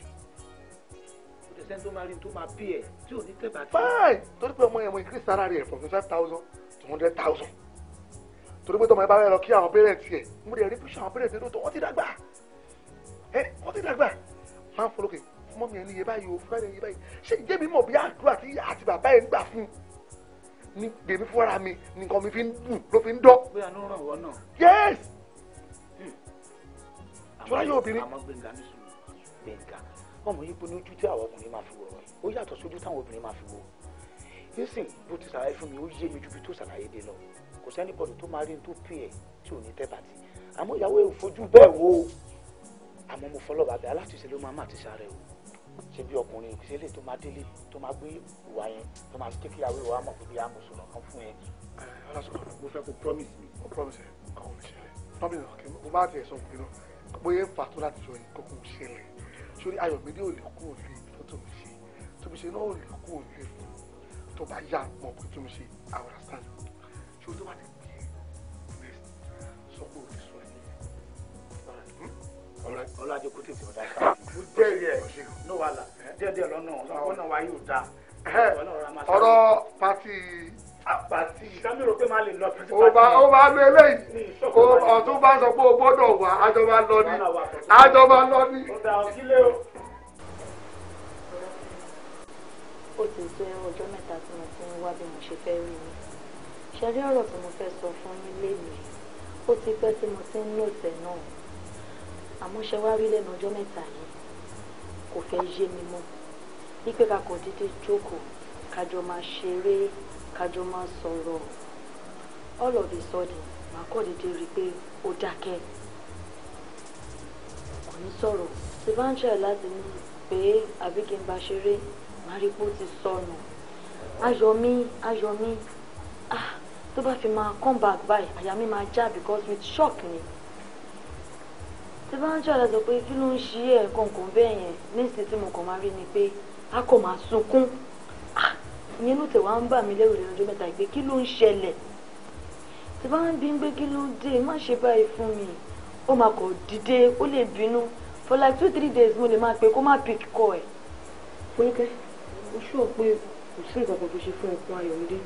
kò tẹ̀sẹ̀ tó máa rí tó máa bí ẹ̀ tí ò ní tẹ̀bà tí. fine torí pé ọmọ yẹn mo increase salary rẹ̀ from five thousand to hundred thousand torí pé tọmọ yẹn bá rẹ lọ kí àwọn parents yẹ mo rẹ̀ rí pé àwọn parents yẹn tó tọ́ wọ́n ti dàgbà wọ́n ti dàgbà máa ń fọlọ́kẹ́ fún mọ́mí ẹni yẹ báyìí o fúláì ẹni yẹ báyìí ṣé ìjẹ́mi mọ̀ bí àdúrà ní èmi fúnra mi nìkan mi fi ń dùn ló fi ń dọ́. bóyá ló ràn wọ́n náà. yes. sọlá hmm. yóò bìnrin. àmọ́ gbẹ̀ngà ní sùn gbẹ̀ngà ọmọ yìí pé ní ojú tí àwọn ọkùnrin máa fi wọ̀ rẹ̀ ó yàtọ̀ sójú táwọn obìnrin máa fi wọ̀ yínsìn bó ti ṣàlàyé fún mi ó yé mi ju bí tó ṣàlàyé dé lọ kò sẹ́ni bọ́dù tó máa rí ní tó pè ẹ́ tí ò ní tẹ́ bàtì àmọ́ ìyàwó ẹ̀ fojú bẹ́ẹ̀ wo àmọ́ mo fọlọ́ bàbá alátìsẹ́ ló máa má ti sáré o ṣe bí ọkùnrin kì í ṣe lè tó máa délé tó máa gbé ìwà yẹn tó máa jẹ́ kí awé wa mọ̀ pé bí a mọ̀ sọ̀rọ̀ kan fún yẹn. alásọ̀rọ̀ mo fẹ́ kó promise mi. mo promise ẹ àwọn olùṣẹlẹ̀ promise ọ̀kẹ́ mo bá tiẹ̀ sọ pé náà bóyá fà tó láti sọ yìí kókó ṣẹlẹ̀ sórí ayọ̀gbẹ́dẹ́ ò lè kú òlé tó tó mi ṣe tó mi ṣe náà ò lè kú òlé tó bá yá mọ̀ pé tó mi ṣe àwọn àṣà ọlọ́jọ́ kó tètè ọ̀dà ìka ó jẹ́rìí ẹ̀ ní wàhálà díẹ̀díẹ̀ lọ́nà ọ̀nà wa yóò dáa ọ̀rọ̀ pati. àpàtì ìdámẹ́rò pé máa lè lọ pẹ̀lú pati. ó máa lo eléyìí kó ọ̀tún bá sọ pé o gbọ́dọ̀ wá àjọba lọ ní àjọba lọ ní. ó ti jẹ́ ọjọ́ mẹ́ta tí mo ti ń wá bí mo ṣe fẹ́ rí mi ṣe rí ọ̀rọ̀ tí mo fẹ́ sọ fún yín lé mi ó ti pẹ́ tí mo ti ń lò tẹ̀ náà àmọ́ ṣe wá rí lẹ́nu ọjọ́ mẹ́ta yìí kò fẹ́ yé mi mọ́ wípé ká kàn dídé jókòó kájọ máa ṣeré kájọ máa sọ̀rọ̀ all of a sudden màá kọ́ dídé rí i pé ó dákẹ́ kò ní sọ̀rọ̀ tí bá ń ṣe láti mú pé àbí kí n bá ṣeré màá rí pé ó ti sọnù ayọ̀ mi ayọ̀ mi ah tó bá fi máa come back báyìí àyà mi máa já because with shock ni tí bá ń ṣàlàyé sọ pé kí ló ń ṣí ẹ̀ kọ̀ọ̀kan bẹ́ẹ̀ yẹn nísìnyí tí mo kàn máa rí ni pé a kò máa sunkún ah! ìyẹn ló tẹ̀ wá ń bà mí lẹ́rù lẹ́nu ọjọ́ mẹ́ta ìgbé kí ló ń ṣẹlẹ̀ tí bá ń bí ń gbé kí ló dé má ṣe báyìí fún mi ó máa kọ̀ dìde ó lè bínú for like two three days mo lè máa pè kó má pick call ẹ̀. pínpín mo ṣọ́ pé kò sí nǹkan kan tó ṣe fún ọkùnrin ayọ̀mídé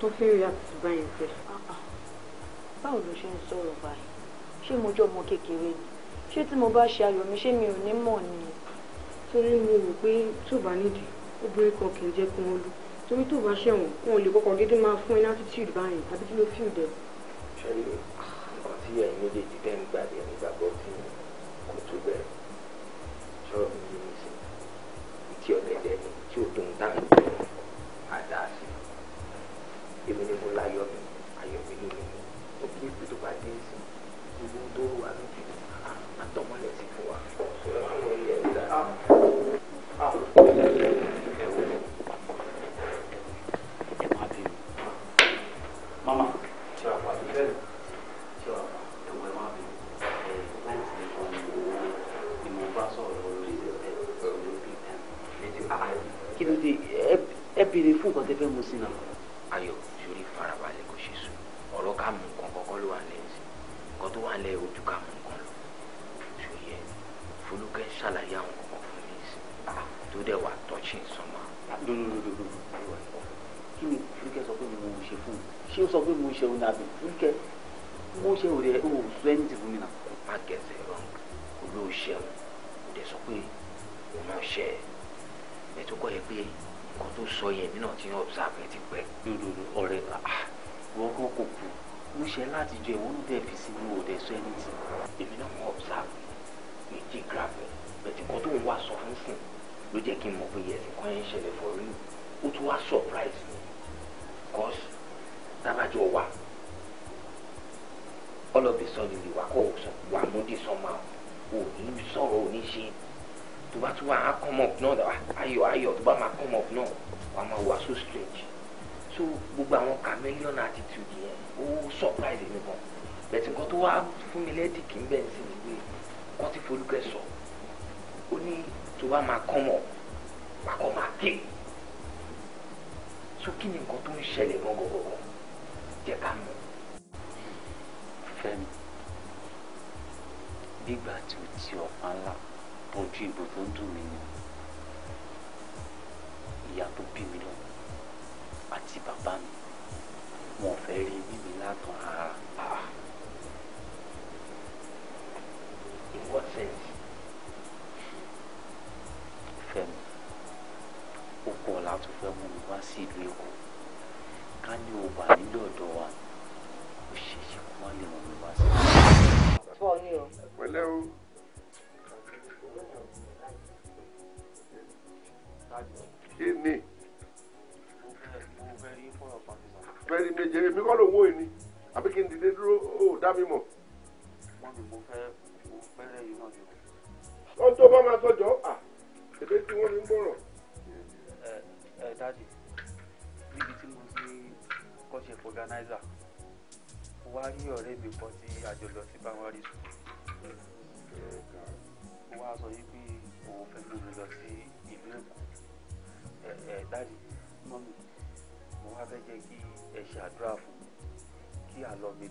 tó fẹ́ rí àtúntò báyìí fẹ́. Ah, ah. báwo ló ṣe ń sọ̀rọ̀ báyìí ṣé mo jọ ọmọ kékeré ni ṣé tí mo bá ṣe ayọ̀ mi ṣé mi ò ní mọ̀ ni. torí mo rò pé tó bá nídìí obìnrin kan kì í jẹ́ kí wọ́n lù torí tó bá ṣẹ̀wọ̀n wọn ò lè kọ́kọ́ dédé máa fún ẹ ní attitude báyìí àbí kí ló fíìl dẹ̀. ṣe é nǹkan tí ẹ̀yin méjèèjì tẹ́ ń gbàdé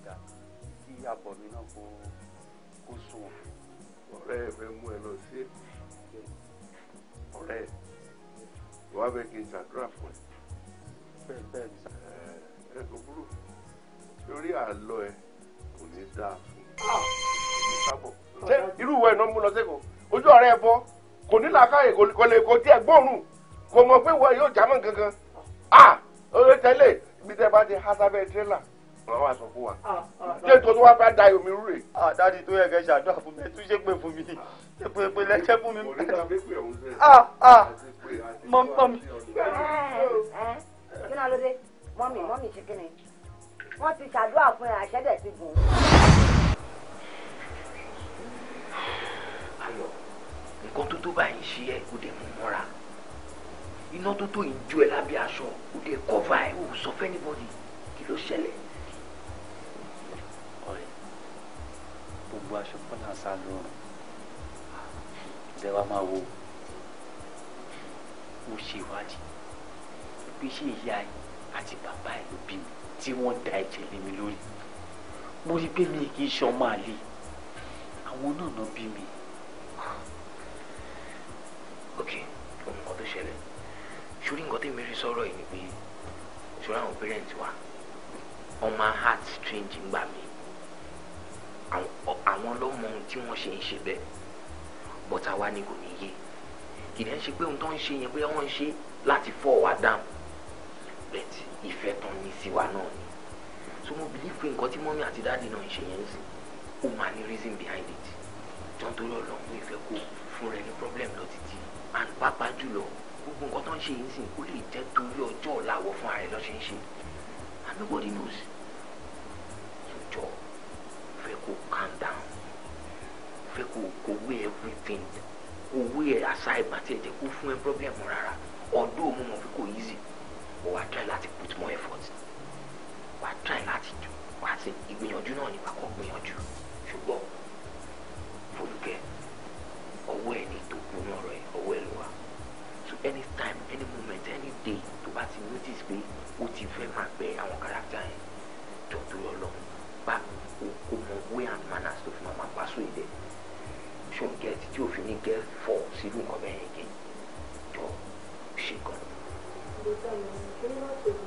dá kí abọ̀ mi náà kó kó sùn wọn. ọ̀rẹ́ ẹ fẹ́ mú ẹ lọ sí ọ̀rẹ́ ẹ wàá fẹ́ kí n ṣàdúrà fún ẹ. bẹ́ẹ̀ bẹ́ẹ̀ ni sà. ẹ kò burú lórí àlọ́ ẹ kò ní dáa fún un. Ah! ṣé irú ìwọ iná mú lọ sẹ́kọ̀ọ́ ojú ọ̀rẹ́ ẹ bọ́ kò ní làákàyè kò lè kò díẹ̀ gbọ́rùn kò mọ̀ pé ìwọ yóò jámọ́ gangan. ah oye ah! tẹ́lẹ̀ ibi bá ti há sábẹ́ ọ̀rọ̀ wa sọ fún wa. Ah, ah, ah. ṣé ètò tó wá fẹ́ da omi rú rè. dáàdi tó yẹ kẹ́ ṣàdúrà fún mi tún ṣépè fún mi ṣépè pé lẹ́kẹ́ fún mi. mọ mọ mi. kí náà ló dé mọ́mì mọ́mì ṣe kí ni wọ́n ti ṣàdúrà fún ẹ àṣẹ́dẹ̀ ti gùn. ayọ̀ nǹkan tó tó báyìí ṣe ẹ kò dé mú mọ́ra iná tó tó yìí jó ẹ lábẹ́ aṣọ kò dé ẹ ò sọ fẹ́nibọ́dì kí ló ṣẹlẹ̀. gbogbo aṣọ kọ́là sá lọ́rùn ìdẹ́wà máa wo mo ṣe ìwádìí bí ṣe ìyá yìí àti bàbá ẹ̀ ló bí mi tí wọ́n da ẹ̀jẹ̀ lé mi lórí mo rí pé mi kì í ṣọmọ àlè àwọn náà náà bí mi. ok nǹkan tó ṣẹlẹ̀ ṣorí nǹkan tó mẹ́rin sọ̀rọ̀ yìí ni pé ṣorí àwọn pẹ́rẹ́ǹtì wa wọ́n máa heart strange ń gbà mí àwọn ló mọ ohun tí wọ́n ṣe ń ṣe bẹ́ẹ̀ bọ́tà wa ni kò ní yé kìnìún ṣe pé ohun tó ń ṣe yẹn bóyá wọ́n ń ṣe láti fọ́ wa dáhùn bẹ́ẹ̀tì ìfẹ́ tán ní sí wa náà ni so mo believe pé nǹkan tí mọ́mí àti dáàdì náà ń ṣe yẹn ń sìn ó máa ní reason behind it jọ́n torí ọlọ́run ìfẹ́ kó fún rẹ ní problem lọ títí and pàápàá jùlọ gbogbo nǹkan tó ń ṣe yìí ń sìn ó lè jẹ́ torí ọjọ́ ọ̀la àwọ̀ fún ara rẹ lọ́ and nobody knows fẹ́ kó calm down mo fẹ́ kó kó wé everything kó wé àṣà ìgbà tí ẹ jẹ́ kó fún ẹ problem rárá ọdún òun mo fi kó easy mo wá try to put more effort wá try láti dùn wá sí ìgbìyànjú náà nípa kó gbìyànjú ṣùgbọ́n Fọlúkẹ́ ọwọ́ ẹ̀ ní. ています。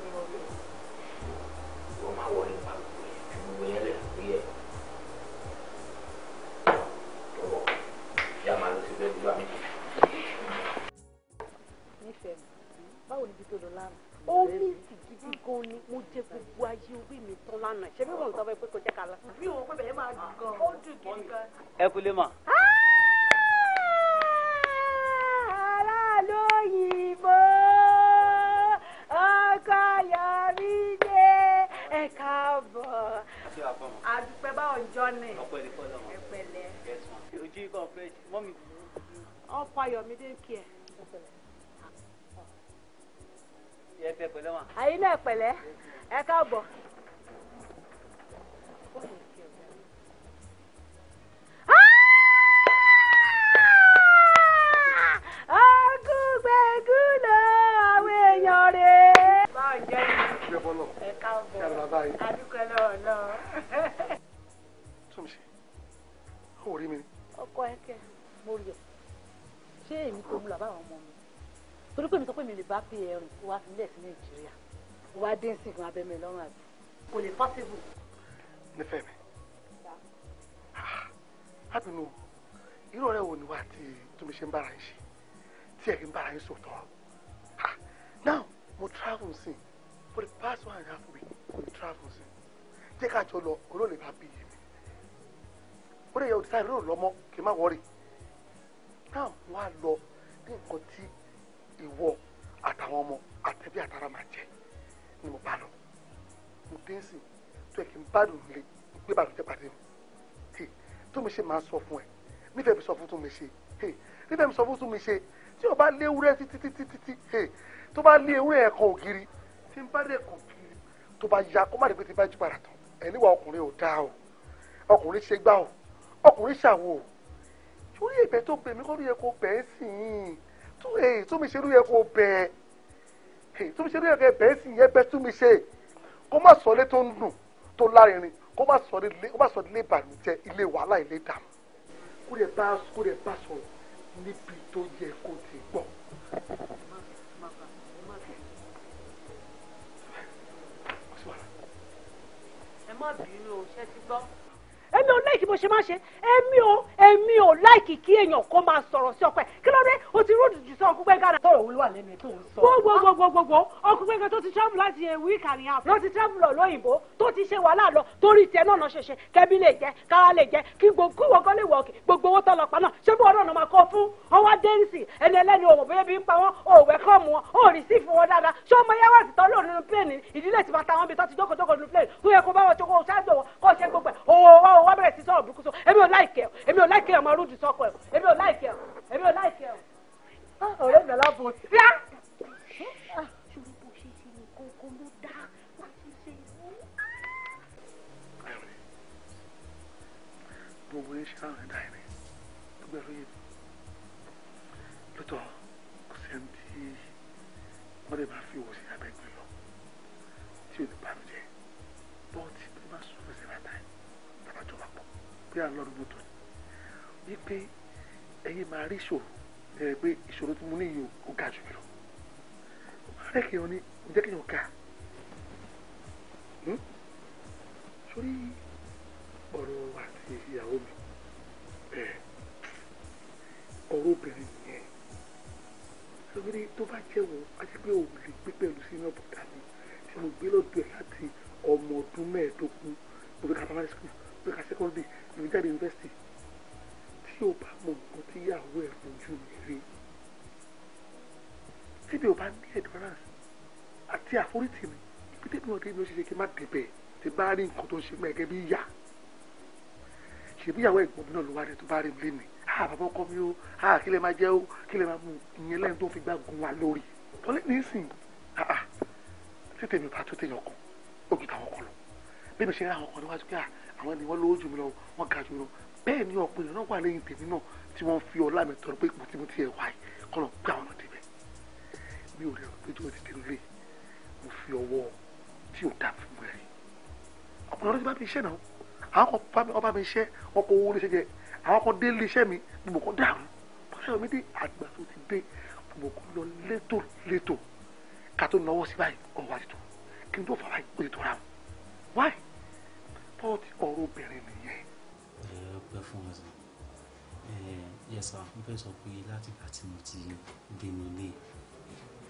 ṣe ní tẹ̀mí sọ fún sún mi ṣe tí o bá lé ewúrẹ́ títí títí títí tó bá lé ewúrẹ́ ẹ̀kan ògiri tí n bá dẹ̀ kàn kiri tó bá ya kó má dé pé ti bá jí padà tán ẹ̀ níwà ọkùnrin ò dáa o ọkùnrin ṣe gbá o ọkùnrin ṣàwo o torí ẹ̀bẹ̀ tó bẹ̀ mí kọ́ ló yẹ kó bẹ̀ ẹ́ sì yín tó tó mi ṣe ló yẹ kó tó mi ṣe ló yẹ kó sì yẹn bẹ́ tó mi ṣe kó má sọ ilé tó ń dùn tó lárinrin kó má sọ ilé ìbànújẹ́ kó lè bá kó lè bá sọ̀rọ̀ níbi tó yẹ kó ti gbọ́. ẹ má bínú ṣe ti gbọ́ láìkí bó ṣe máa ṣe èmi ò èmi ò láìkí kí èèyàn kó máa sọ̀rọ̀ sí ọkọ kí ló dé o ti ròdù jù sọ ọkùnkùn gánà. sọ̀rọ̀ wo ló wà lẹ́nu ẹ̀ tó sọ. gbogbogbogbogbogbo ọkùnkùn gánà tó ti travel láti ẹ̀ wíìkì àpò ló ti travel lọ́yìnbó tó ti ṣe wàhálà lọ torí tiẹ̀ náà ṣe ṣe kẹ́bí lè jẹ́ kára lè jẹ́ kí gbogbo ti sọ̀rọ̀ burúkú sọ èmi ò láìkẹ́ ọ èmi ò láìkẹ́ ọmọ rúdù sọ́kọ ẹ̀ èmi ò láìkẹ́ ọ èmi ò láìkẹ́ ọ. Ah, ọ̀rẹ́ mi aláàbò ti rá. gbogbo yẹn ṣe àwọn ẹ̀dá yẹn ni gbogbo ẹ̀rọ yẹn lọ́tọ̀ kò sí ẹni tí wọ́n lè máa fi wò sí. pé à ń lọ rúgbòtò wípé ẹ̀yin máa rí ìṣòro ẹ̀rẹ̀ pé ìṣòro tí mo ní yìí ó ga jù mí lọ máa rẹ̀ kéèyàn ní ǹjẹ́ kéèyàn ga hmm? sórí ọ̀rọ̀ àti ìyàwó mi ọ̀rọ̀ obìnrin nìyẹn lórí tó bá jẹ́ wọ́n á jẹ́ pé òun lè gbé pẹ̀lú sínú ọ̀bọ̀dà mi tí mo gbé lọ́dọ̀ ẹ̀ láti ọmọ ọdún mẹ́ẹ̀ẹ́dógún mo fi kápá máa ń gbẹ̀ka secondary ló jáde university tí o bá mọ nǹkan tí ìyàwó ẹ̀ fojú mi rí tí mi ò bá ní endurance àti àforítì mi ibi tẹ́mi náà débi ó ṣe ṣe kí n má débẹ̀ tí bá rí nǹkan tó ń ṣe mẹ́ẹ̀kẹ́ bí yà ṣèbí ìyàwó ẹ̀gbọ́n mi náà ló wá rẹ̀ tó bá rí mi lénìí a bàbá ọkọ mi o a kí lè máa jẹ́ o kí lè máa mú ìyẹn lẹ́yìn tó fi gbá gun wa lórí tọ́lẹ́ ní í sìn tètè mi bá tó tèèyàn kan ó ju tàwọn kan lọ bí mi ṣe rí àwọn kan níwájú pé à àwọn ni wọ́n lówó jù mí lọ wọ́n ga jù mí lọ bẹ́ẹ̀ ni ọ̀pọ̀ èèyàn náà wà lẹ́yìn tèmi náà tí wọ́n fi ọlá mi tọrọ pé ipò tí mo ti ẹ̀ wá yìí kọ́nà pé àwọn náà débẹ̀ mi ò lérò pé tí mo ti dé lórí mo fi ọwọ́ tí ò dáa fún mi rẹ̀ ọ̀pọ̀lọpọ̀ ti bá mi iṣẹ́ náà àwọn kan ọba mi iṣẹ́ wọn kò owó iṣẹ́ jẹ àwọn kan dé ilé iṣẹ́ mi gbogbo kan dàrú bọ́sẹ̀ mi dé àgbà tó ti dé gbogbo kan lọ létò létò ká náwó sí báyìí ọ̀rọ̀ but ọ̀rọ̀ obìnrin nìyẹn. ẹ ẹ pẹ́ fún ọ sọ yẹsà mo fẹ́ sọ pé láti ìgbà tí mo ti bínú ilé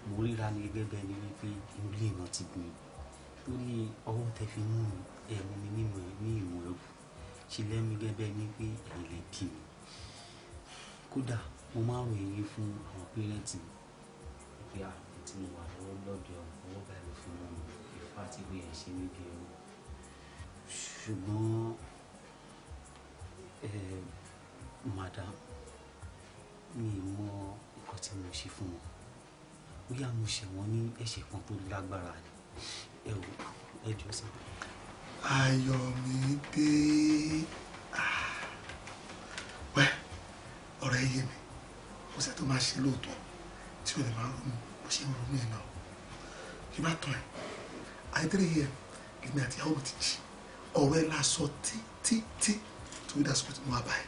mo ríra ní gẹ́gẹ́ bẹ́ẹ̀ ni wípé inú ilé náà ti gbìn lórí ọwọ́ tẹ fi mú ẹ̀mú mi ní ìwọ̀n ẹ̀wù ṣe lẹ́mí gẹ́gẹ́ ní pé ẹ̀yìn lè bí mi kódà mo máa ń ròyìn fún àwọn pẹ́rẹ́ǹtì mi pé àwọn tí mo wà lọ́dọ̀ ọ̀hún ọwọ́ báyìí fún wọn ìfọ́ àti ṣùgbọ́n madam mi mọ nǹkan tí mo ṣe fún wọn bóyá mo ṣe wọn ní ẹ̀ṣẹ̀ kan tó lágbára ni ẹ wò ẹ jọ sí. ayọ̀ mi dé wẹ́ ah, ọ̀rọ̀ ẹ yé mi ó ṣe tó máa ṣe lóòótọ́ tí o lè máa ronú bó ṣe ń ronú ẹ̀ náà kí bá tán ẹ̀ àìdérè yẹ èmi àti ìyàwó mi ti jí ọ̀rọ̀ ẹ̀ la sọ títí tó bí dasìkò tí mo wá báyìí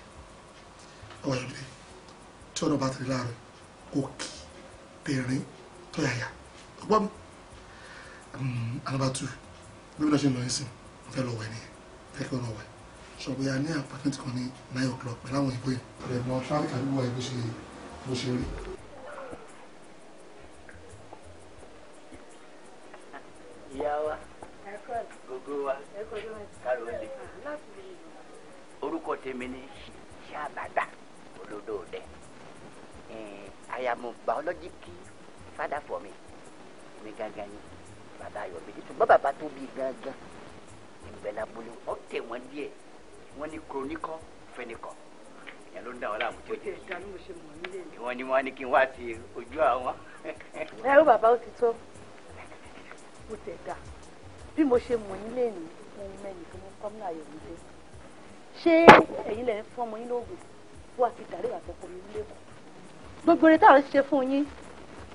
ọwọ́ ìlú bíi tí ọ̀nà bá tẹ̀lé láàárọ̀ òkè bẹ̀rẹ̀ tó yàyà ọgbọ́n mi anabatu um, bí mi náà ṣe lọ ẹ̀sìn mo fẹ́ lọ wẹ̀ nìyẹn fẹ́ kí ọ̀nà wẹ̀ ṣọ̀bù yà ní apartment kan ní nine o'clock pẹ̀lú àwọn ìbò yẹn. ọ̀rẹ́ mọ traffic àdúgbò ẹ̀ bó ṣe rí. tèmi ni iṣẹ́ àbàdà olódò dẹ I am a biological father for me mi gangan ni bàbá ayọ̀bí ṣùgbọ́n bàbá tó bí gangan ìgbẹ́lábolo ọ̀ tẹ̀ wọ́n díẹ̀ wọ́n ní kronikọ́ fẹ́nikọ́ yẹn ló ń dá wọn láàmú tó jẹ ìwọ ni wọn ní kí n wá ti ojú àwọn. ẹ ó bàbá ó ti tó mo tẹ̀ dá bí mo ṣe mọ̀ nílé ní mo mẹ́ni tó mọ́ kọ́mílà yòó nílé ṣé ẹ̀yin lẹ ń fọmọ yín lóògùn bó a ti àtọkọ mi nílé kù gbogbo eré táwọn ṣe fún yín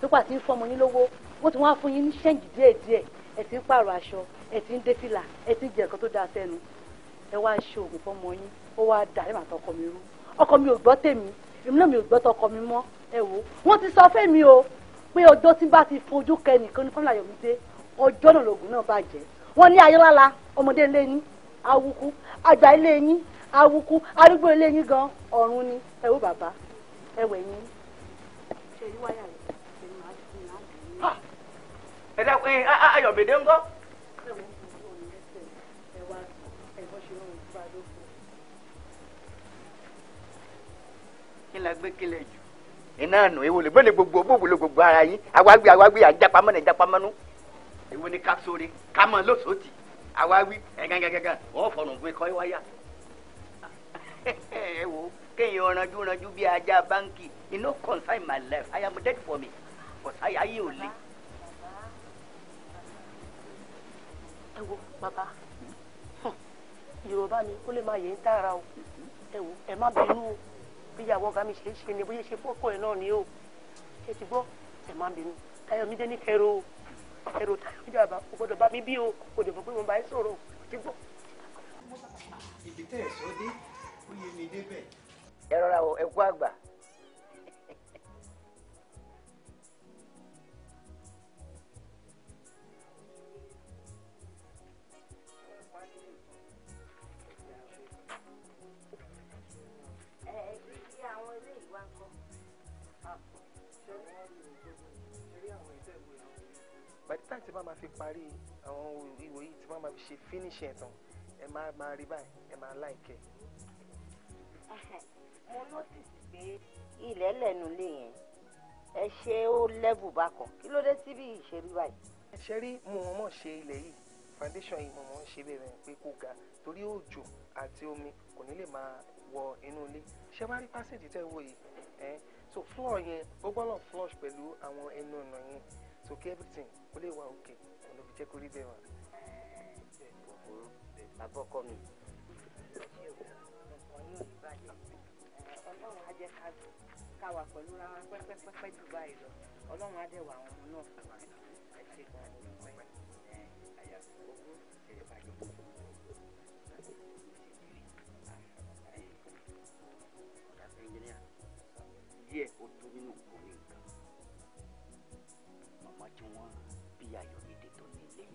nípa àti ń fọmọ yín lówó wọ́n ti wá fún yín ní ṣẹ́ǹjì díẹ̀ díẹ̀ ẹ ti ń pààrọ̀ aṣọ ẹ ti ń dé fìlà ẹ ti ń jẹ nǹkan tó dáa sẹ́nu ẹ wá ń ṣe oògùn fọmọ yín ó wá dàrí àtọkọ mi rú ọkọ mi ò gbọ́ tèmi èmi náà mi ò gbọ́ tọkọ mi mọ́ ẹ wò wọ́n ti sọ fẹ́mi o pé ọjọ́ tí bá ti fojú kẹ́nìkan ní kọ́nà àyọ̀mí ọjọ́ náà lògùn náà bàjẹ́ wọ́n ní ayé awuku arúgbó ilé yín gan ọ̀run ni ẹ wo bàbá ẹ wẹ̀ yín. ẹ dákun ẹ ayọ̀bẹ̀dẹ̀ ń gọ́. kí la gbé kílẹ̀ jù. iná nù ewo lè bẹ́ẹ̀ gbogbo bó wulò gbogbo ara yín awáwí awáwí àjàpamọ́ ní àjàpamọ́nú. èwo ni ká sóore ká mọ lóṣòtì awáwí ẹ̀gángangangán wọ́n fọ̀nù gbé kọ́ wáyà ẹ wo kéèyàn ranjú ranjú bí ajá báńkì e no concern my life i am dead for me but ayé ò le. ẹ wo bàbá yorùbá ni kó lè máa yẹ ń tààrà o ẹ wo ẹ má bínú o bí ìyàwó ọ̀gá mi ṣe é ṣe ni bóyá ṣe fọ́kọ ẹ náà ni o ẹ ti gbọ́ ẹ má bínú Táyọ̀mídé ní kẹrò o kẹrò Táyọ̀mídé bàbá o gbọ́dọ̀ bá mi bí o kò dẹ̀ mọ̀ pé mo bá ẹ sọ̀rọ̀ o ti gbọ́. ibi tẹ́ ẹ̀ sọ dé ó yé mi débẹ̀. ẹ rọra o ẹ kú àgbà. bàtà ah, tí máa ma fi parí àwọn ìwòyí tí máa ma fi ṣe fínísì ẹ̀ tán ẹ máa ma rí báyìí ẹ máa láìkẹ́ mo notice pé ilẹ̀ lẹ́nu lé yẹn ẹ ṣe ó lẹ́bù bákan kí ló dé síbi ìṣeré báyìí. ṣe rí mo mọ̀ ṣe ilẹ̀ yìí foundation yìí mo mọ̀ ń ṣe bẹ̀rẹ̀ pé kó ga torí òjò àti omi kò ní lè máa wọ inú ilé ṣé wàá rí pásítì tẹ́ wò yìí so floor yẹn ó gbọ́dọ̀ flush pẹ̀lú àwọn ẹnu ọ̀nà yẹn so kí everything ó lè wà òkè ọ̀nà òbí jẹ́ kó rí bẹ́ẹ̀ wà. àbọ̀kọ mi jẹ́ ká káwa pẹ̀lú rárá pẹ́pẹ́pẹ́pẹ́ jù báyìí lọ ọlọ́run á àwọn ọmọ náà fún wa ẹ ṣe gan ọmọ pẹ́ ẹ àyà owó ṣẹlẹ̀ bàjẹ́ ẹnjìníà díẹ̀ ó tó nínú orí nǹkan màmá tí wọ́n bí ayọ̀mídé tó ní ilé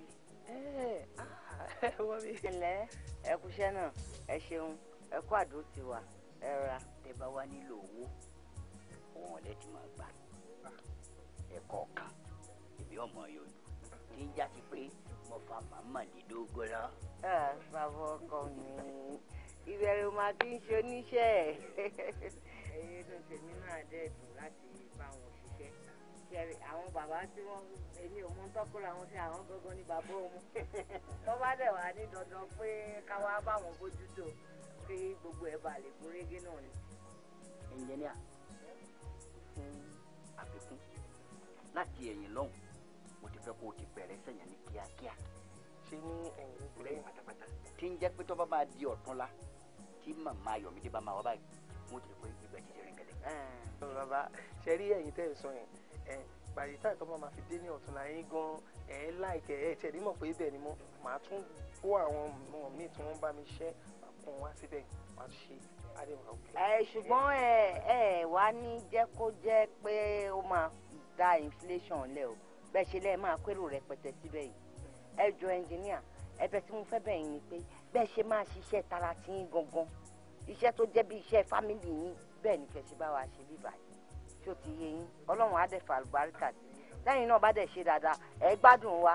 rẹ̀. Ah, ẹ wọ́n mi. ẹ ẹ kúṣẹ́ náà ẹ ṣeun ẹ kú àdó tiwa ẹra tẹ bá wá nílò owó òun ọ̀lẹ ti máa gbà ẹ̀kọ́ kan ìbí ọmọ yòlù tí ń já sí pé mo fa màmá lédógó lọ. ẹ ṣàbọ̀ ọkọ mi ìbẹ̀rù máa ti ń ṣe oníṣẹ́ ẹ̀. ẹyin ló tèmi náà dẹ́ẹ̀dùn láti bá wọn ṣiṣẹ́ kẹrin àwọn bàbá tí wọn èmi ò mọ tọkùnrin àwọn sí àwọn gangan ní bàbá òun tó bá dẹ̀ wá ní dandan pé káwá bá wọn bójú kí gbogbo ẹ̀ bá lè fún régé náà ni. ẹnjẹ́níà fún àfikún láti ẹ̀yìn lọ́hùn mo ti fẹ́ kó o ti bẹ̀rẹ̀ sẹ̀yìn ní kíákíá. ṣé ní ẹ̀yìn ìpínlẹ̀ yìí pátápátá. tí ń jẹ́ pé tó bá máa di ọ̀tún la tí màmá Ayọ̀mídé bá máa wá báyìí mo ti rí pé ibẹ̀ ti ṣe rìn bàbá ṣe rí ẹ̀yìn tẹ́ ẹ sọ yẹn ẹ táyì tó máa fi dé ní ọ̀tún láyé gan ẹ̀ láìkẹ́ ẹ̀ tẹ̀lé mọ̀ pé ibẹ̀ ni mo máa tún kó àwọn ọmọ mi tí wọ́n bá mi ṣẹ́ kún wá síbẹ̀ wá ṣe àdéhùn àwùjọ. ẹ ṣùgbọ́n ẹ ẹ wá ní jẹ́ kó jẹ́ pé ó máa da inflation lẹ̀ o bẹ́ẹ̀ ṣe lẹ́ẹ̀ máa kérò rẹpẹtẹ síbẹ̀ yìí ẹ jọ ẹnjìníà ẹ̀bẹ̀ tí mo fẹ́ bẹ̀ yín ni pé bẹ́ẹ̀ ṣe máa ṣiṣẹ́ tara tí yín gangan iṣẹ́ tó jẹ́ bí iṣẹ́ fámìlì yín bẹ́ẹ̀ ni kẹ̀sí bá wa ṣe bí báyìí tí ó ti yé yín ọlọ́run á dẹ̀ fà àlùbáríkà lẹ́yìn náà bá dẹ̀ ṣe dáadáa ẹ gbádùn wa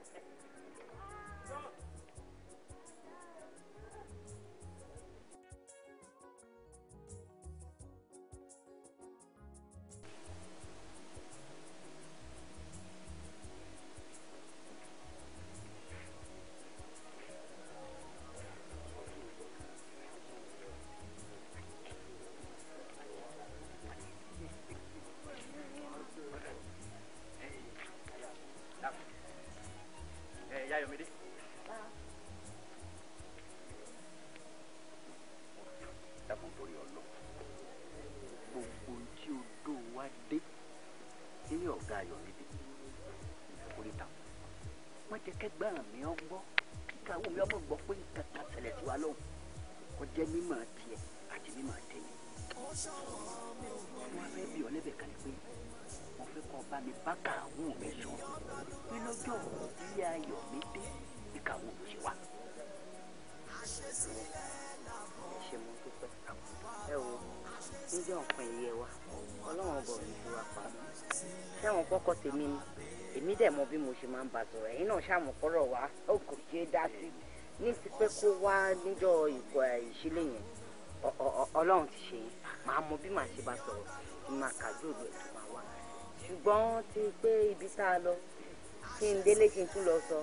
kí n délé kí n tún lọ sọ.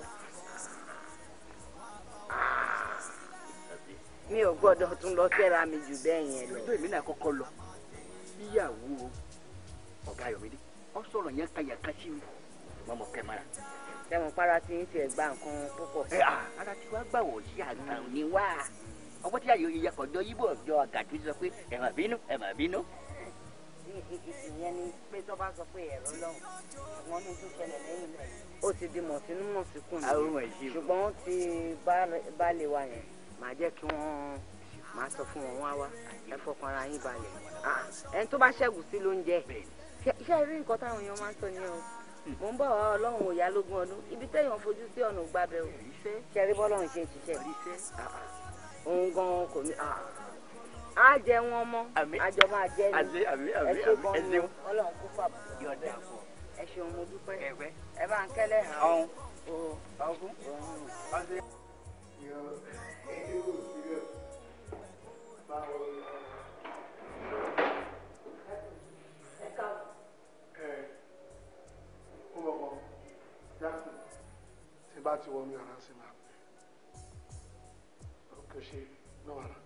mi ò gbọ́dọ̀ tún lọ fẹ́ra mi jù bẹ́ẹ̀ lọ. ìjọ ìmínà kọ́kọ́ lọ bíyàwó ọ̀gá Ayọ̀mídé ọ sọ̀rọ̀ yẹn ka yàtọ̀ sí mi mọ̀mọ́ kẹ́ mara. gba nǹkan púpọ̀. ẹ à ah, ara gbà sí àgbà òní wá. ọwọ́ tí yíbọ̀ sọ pé má bínú má bínú ìyẹn ni pé tó bá sọ pé ẹ̀rọ lọ́hùn wọn ní tó ṣẹlẹ̀ lẹ́yìn rẹ̀ ó ti di mọ̀sínú mọ̀síkùn ní ṣùgbọ́n ti bá lè wa yẹn màá jẹ́ kí wọ́n màá sọ fún wọn wá wá ẹ ara yín balẹ̀ ẹni tó bá ṣẹ́gun sí ló ń rí nǹkan táwọn èèyàn máa ń sọ ní o mò ń bọ̀ wá ọlọ́run òyà lógún ọdún ibi téèyàn fojú sí ọ̀nà ògbàbẹ̀ ò ṣe bọ́lọ́run ṣe ń ṣiṣẹ́ òun gan-an kò ní á jẹ wọn mọ́ àjọ máa jẹ ní ẹ ṣe bọ́ ní ọlọ́run kó fà bọ́ ẹ ṣeun mo dúpẹ́ ẹ bá ń kẹ́lẹ́ hàn ọ́n ọ̀gùn. ti bá ti wọnú yàrá sí máa pè é kò ṣe náà rà.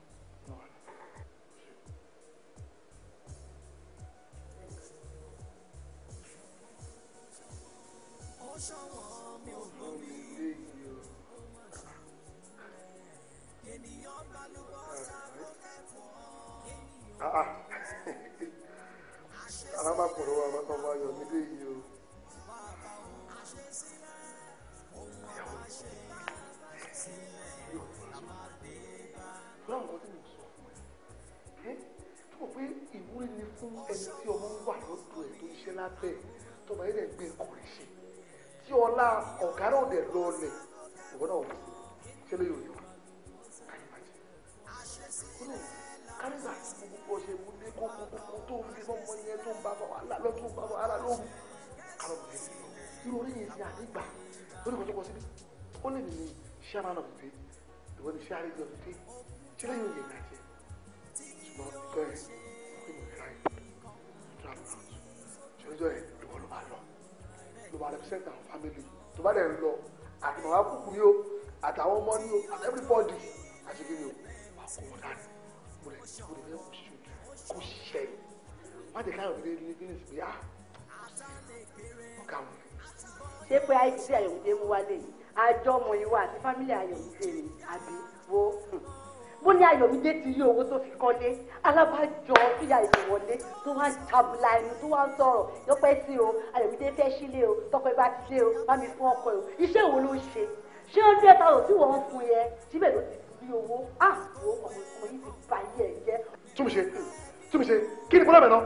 ṣọ̀wọ́n mi ò lórí. ènìyàn balùwọ̀ sábò kẹ́kọ̀ọ́. arábàkùnrin wa máa mo sọ fún ẹ tó ìwúrí ni fún ẹni tí ọmọ ń wà lọ́dọ̀ ẹ̀ tó ń ṣe lábẹ́ ẹ̀ tó gbé ẹ̀kọ́ rẹ̀ ṣe tí ọlá ọ̀gára òde lọlẹ̀ ìwọ náà wò ṣé lè yòòyò kárìbà gbogbo ṣe mú ní kókókókó tó ń bí bọ́mọ yẹn tó ń bá bọ́ wàhálà lọ tó ń bá bọ́ wàhálà lóhùn kárọ̀ bẹ̀rẹ̀ sí irú orí yẹn ti àdígbà lórí kọjọ́ kọsí ó lè ní chairman of the day ìwọ ni chairman of the day ṣé lè yòòyò ìrìn àjẹ ṣùgbọ́n ìjọ yẹn ìgbìmọ̀ ìrìn àjẹ ìjọ àbúrò ṣèjọ yẹn ló máa represent àwọn family tó bá dẹ̀ lọ àti màmá kúkú yìí o àtàwọn ọmọ yìí àti everybody àti kí ni wà kó wọn dání mo lè mo lè fẹ́ kó ṣe kó ṣiṣẹ́ yìí má jẹ́ káyọ̀ nílé nílé nílé sí pé ah, á kà wọ́n. ṣé pé àìsí àyọ̀mídé mú wálé àjọmọ̀ ìwà àti fámílì àyọ̀mídé ni àbí wo. Hmm bó ní ayọ̀mídé ti yí owó tó fi kọ́lé alábàjọ fíyà ètò wọlé tó wá tabula ẹnu tó wá sọ̀rọ̀ lọ́pẹ́ sí o ayọ̀mídé fẹ́ sílé o tọpẹ́ bá ti dé o bá mi fún ọkọ ẹ o iṣẹ́ wo ló ṣe ṣé ó dé ta ò wọ́n fún yẹ síbẹ̀ ló ti fi owó á wò ọmọ ìkọ́ yìí ti bá yẹ jẹ́. túmùṣe túmùṣe kí ni pọ́lọ́mẹ̀ náà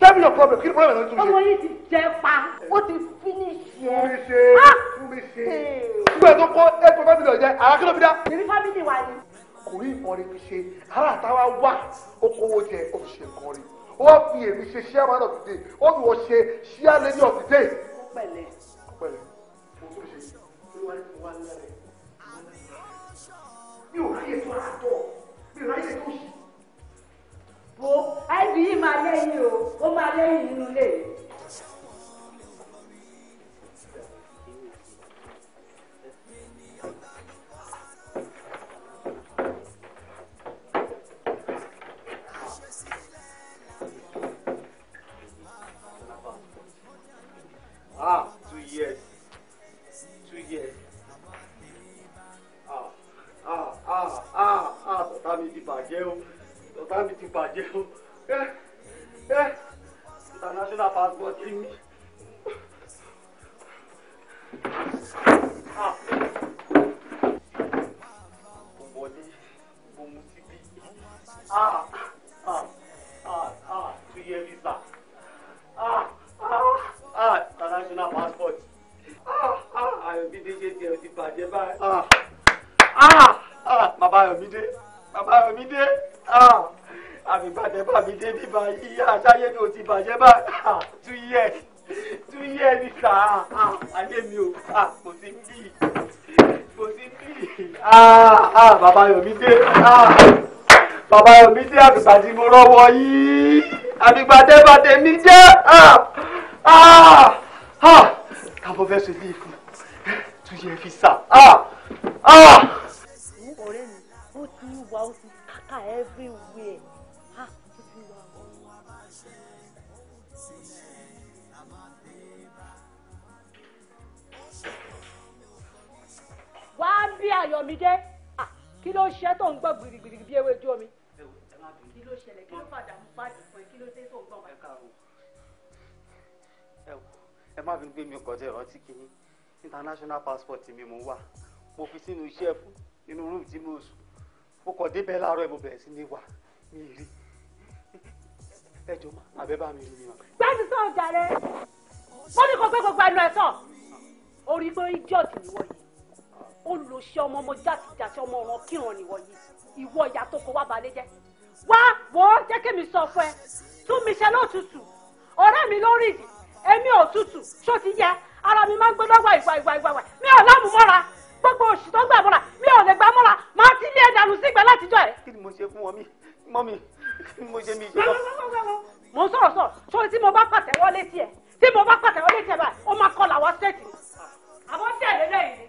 tell me your problem kí ni problem náà tún ọmọ yìí ti jẹ pa ó ti finish yẹ. fún mi ṣe fún ah! mi tó kọ́ eight point jẹ àrà kí ló fi dá. èmi fámìlì wa ni kò rí nǹkan rí fi ṣe ara àtàwa wà ó jẹ ó nǹkan rí ó fi èmi ṣe chairman of the day ó fi wọ́n ṣe chair lady of the day. ọpẹlẹ ọpẹlẹ mo tó ṣe olúwa ní mo wá ń lẹrẹ mi ò ráyè tó rà mi ò ráyè tó ṣì. wo ibi yìí máa lẹ́yìn o ó máa lẹ́yìn nínú ilé yìí. bàjẹ́ o eh, eh, international passport ti mi. bà yíyá àtàyè mi ò ti bàjẹ́ bá tú yẹ tú yẹ ní sà àyè mi ò kò sí bí kò sí bí bàbá Yomi dé bàbá Yomi dé àgbègbè àti mo rọwọ yìí àgbègbè àtẹ́bàtẹ́ mi jẹ́ kábọ̀ fẹ́ ṣe lé fún tú yẹ fi sà ọ̀rẹ́ mi ó ti wà ó ti kákà everywhere. wá ń bí àyọ̀mídé kí ló ṣe tó ń gbọ́ gbìrìgbìrì bí ewé ojú omi. kí ló ṣẹlẹ̀ kí ló padà mú báàgì fún ẹ kí ló dé tó ń gbọ́ báàgì. ẹ má bínú pé mi kọjá ìrántí kínní international passport mi mo wà mo fi sínú ṣẹ́ẹ̀fù nínú rúùmù tí mo sùn mo kọ̀ débẹ̀ láàárọ̀ ẹ̀ mo bẹ̀rẹ̀ sí ní wà mí rí ẹ jọ ma àbẹ bá mi rí mi. gbẹ́ni sọ̀rọ̀ jàre wọ́n ní kò pé gbogbo ẹnu ẹ̀ sọ̀ orí gbọ́ idiot nìwọ olùlọ́sẹ̀ ọmọ ọmọ jákèjádé ọmọ ọ̀ràn kíran nìwọ̀nyí ìwọ ìyá tó kọ wá balẹ̀ jẹ́ wá wò ó jẹ́ kí mi sọ fún ẹ tú mi ṣe lótùtù ọ̀rẹ́ mi ló rìn dì èmi ò tútù ṣó ti yẹ ara mi máa ń gbóná wà ìwà ìwà ìwà mi ò lámù mọ́ra gbogbo òṣì tó gbà mọ́ra mi ò lè gbà mọ́ra máa ti lé ẹ̀dànù sígbà látijọ́ ẹ̀. kí ni mo ṣe fún wọn mi mọ́ mi kí ni mo ṣe mi ìjọba. mo ń sọ̀rọ̀ sọ̀rọ̀ sórí tí mo bá pàtẹ́wọ́ létí ẹ̀ tí mo bá pàtẹ́wọ́ ẹ̀ báyìí ó máa kọ́ làwọn ṣẹ́ẹ̀tì àwọn ṣẹ́ẹ̀lẹ́lẹ́yìn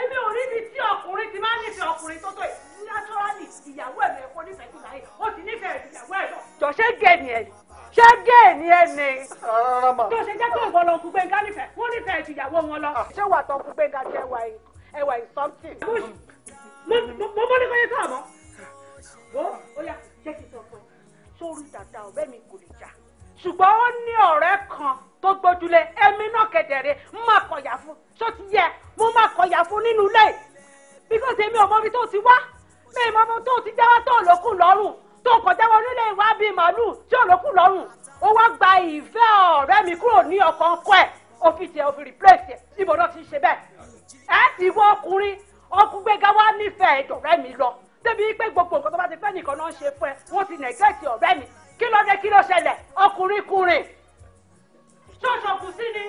èmi ò rí ni tí ọkùnrin ti máa nífẹ̀ẹ́ ọkùnrin tó tó yìí naturally ìyàwó ẹ̀ lẹ́kọ́ nífẹ̀ẹ́ jù láyé ó ti nífẹ̀ẹ́ ìyàwó ẹ̀ lọ. jọ ṣé gé ni ẹ ṣé gé ni ẹ ni. tó ṣe jẹ́ pé ìwọ lọ kú gbẹ̀ngà nífẹ̀ẹ́ wọ́n nífẹ̀ẹ́ ju ìyàwó wọn lọ. Ah, ṣé wà tó kú gbẹ̀ngà ṣe ẹwà yìí ẹwà yìí something. mo mọ ní kọ́yé tó àmọ́ ṣùgbọ́n ó ní ọ̀rẹ́ kan tó gbójúlé ẹ̀mí náà kẹ̀dẹ̀rẹ̀ ń máa kọ̀yà fún tó ti yẹ mo máa kọ̀yà fún nínú ilé bíkọ́sì èmi ò mọ ibi tó ti wá mi ò mọ ibi tó ti jáwá tó lókùn lọ́rùn tó kọjá wọnú ilé ìwà bíi màálù tí ò lókùn lọ́rùn ó wá gba ìfẹ́ ọ̀rẹ́ mi kúrò ní ọkàn kọ́ ẹ̀ ó fi tiẹ̀ ó replace ẹ̀ níbo náà ti ṣe bẹ́ẹ̀ ẹ̀ ti wọ ọkùnrin ọkùnrin gbẹ́gá wá nífẹ̀ẹ́ ẹ̀dọ̀rẹ́ mi lọ débi pé gbogbo nǹkan tó bá ti fẹ́ nìkan náà ṣe fún ẹ wọ́n ti nẹ̀gẹ́ẹ̀tì ọ̀rẹ́ mi kí ló dé kí ló ṣẹlẹ̀ ọkùnrin kùnrin ṣọ́ọ̀ṣọ̀ kù sí ni.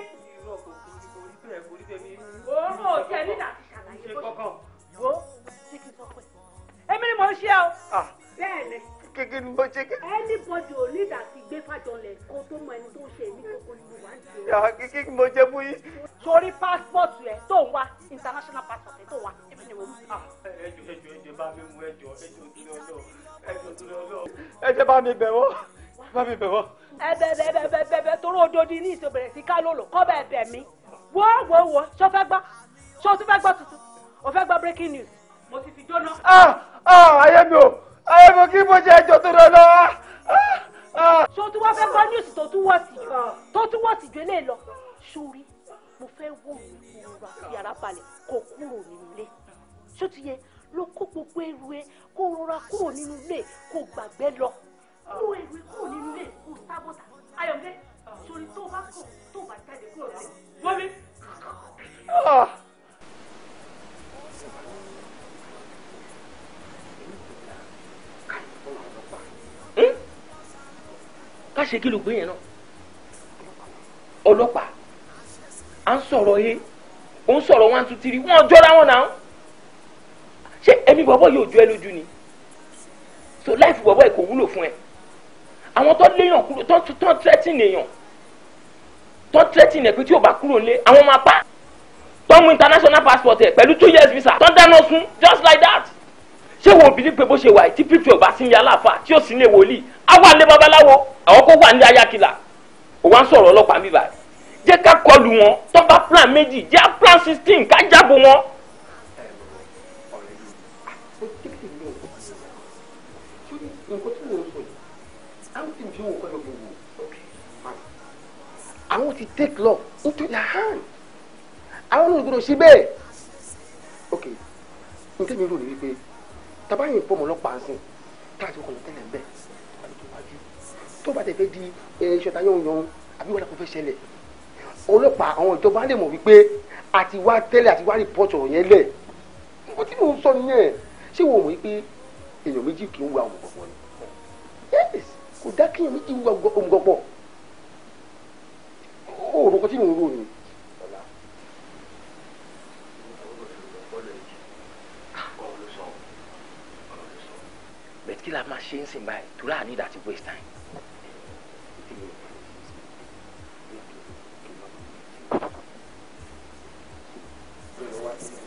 òórùn òjẹ nínà ṣàlàyé bó wo ṣé kí n sọ pé èmi ni mò ń ṣe o. Ah. bẹ́ẹ̀ ni kékeré ni mo ṣe ké. anybody ò ní ìdásí gbé fàjọlẹ̀ kó tó mọ ẹni tó ṣe ní kókó ni mo wá ń ṣe. yàrá ah, kíkí ni mo jẹ fún yín. torí passport rẹ tó wá international passport rẹ tó wá èmi ni mo mú. ẹjọ ẹjọ bá mi mú ẹjọ ẹjọ kí ni ọjọ ẹ jẹ́ bá mi bẹ̀ wọ́n bá mi bẹ̀ wọ́n. ẹ bẹ bẹ bẹ bẹ bẹ bẹ torí ododi ní ìsọbẹrẹ sí kálólò kọ bẹ bẹ mí wọ wọ wọ sọ fẹ́ gbọ́ sọ tún fẹ́ gbọ́ tuntun o fẹ́ gbọ́ breaking news mo ti fi jóná. Ah, ah, ayé mi o ayé mi o kí mo jẹ ẹjọ́ tó rẹ lọ. sọ tún wá fẹ́ gbọ́ news tó tún wọ̀ sí ah. tó tún wọ̀ sí ju eléyìí lọ sórí mo fẹ́ wò ó ìrora fi ara balẹ̀ kó kúrò nínú ilé ti yẹ ló kó gbogbo ẹrù ẹ kó rọra kúrò nínú ilé kó gbàgbé lọ kó ẹrù ẹ kúrò nínú ilé kó sábọ̀tà ayọ̀dé sori tó bá kọ̀ tó bá jáde kúrò lọ wọlé. Ah! Eh? ká ṣe kí ló gbé yẹn náà ọlọ́pàá à ń sọ̀rọ̀ he ó ń sọ̀rọ̀ one two three wọ́n jọra wọn náà ṣé ẹ̀mí bọ̀bọ̀ yóò jọ ẹ lójú ni so láìfù bọ̀bọ̀ ẹ kò wúlò fún ẹ àwọn tó léèyàn kúrò tó tó tẹ́tìn èèyàn tó tẹ́tìn ẹ̀ pé tí ò bá kúrò lé àwọn máa pa tó mú international passport ẹ pẹ̀lú two years visa tó dáná sun just like that ṣé wo òbí pé bó ṣe wà tí pípẹ́ ò bá sí ní aláàfáà tí ò sí ní wòlíì á wà lé babaláwo àwọn kó wà ní ayakila ò wá ń sọ̀rọ̀ ọlọ́pàá bíbá jẹ́ ká kọlù wọn tó bá plan méjì jẹ́ plan sixteen ká jábọ̀ wọn I want you to take love into your hand àwọn olùgbòrò ṣe bẹ́ẹ̀ ok n tẹ́ mi rò ní wípé tabayin pọ̀ mọ́ ọlọ́pàá ń sìn káàtì kọ̀ọ̀kan tẹ́lẹ̀ ń bẹ̀ tó bá tẹ̀ fẹ́ di eh, ṣọta yọ̀nyọ̀n àbí wọn kò fẹ́ ṣẹlẹ̀ ọlọ́pàá àwọn ìjọba lè mọ̀ wípé àti wá tẹ́lẹ̀ àti wá rìpọ́tù ọ̀rọ̀ yẹn lẹ̀ nǹkan tí mò ń sọ nìyẹn ṣé wo mọ̀ wípé èèyàn méjì kì í wá òmùgọ̀pọ̀ ni yes kò dá kéèyàn méjì wá òmùgọ̀pọ̀ òòrùn kan tí mò ń ni. bẹ́ẹ̀ la máa ṣe ń sìn báyìí torí àní ìdá ti waste time. Thank you.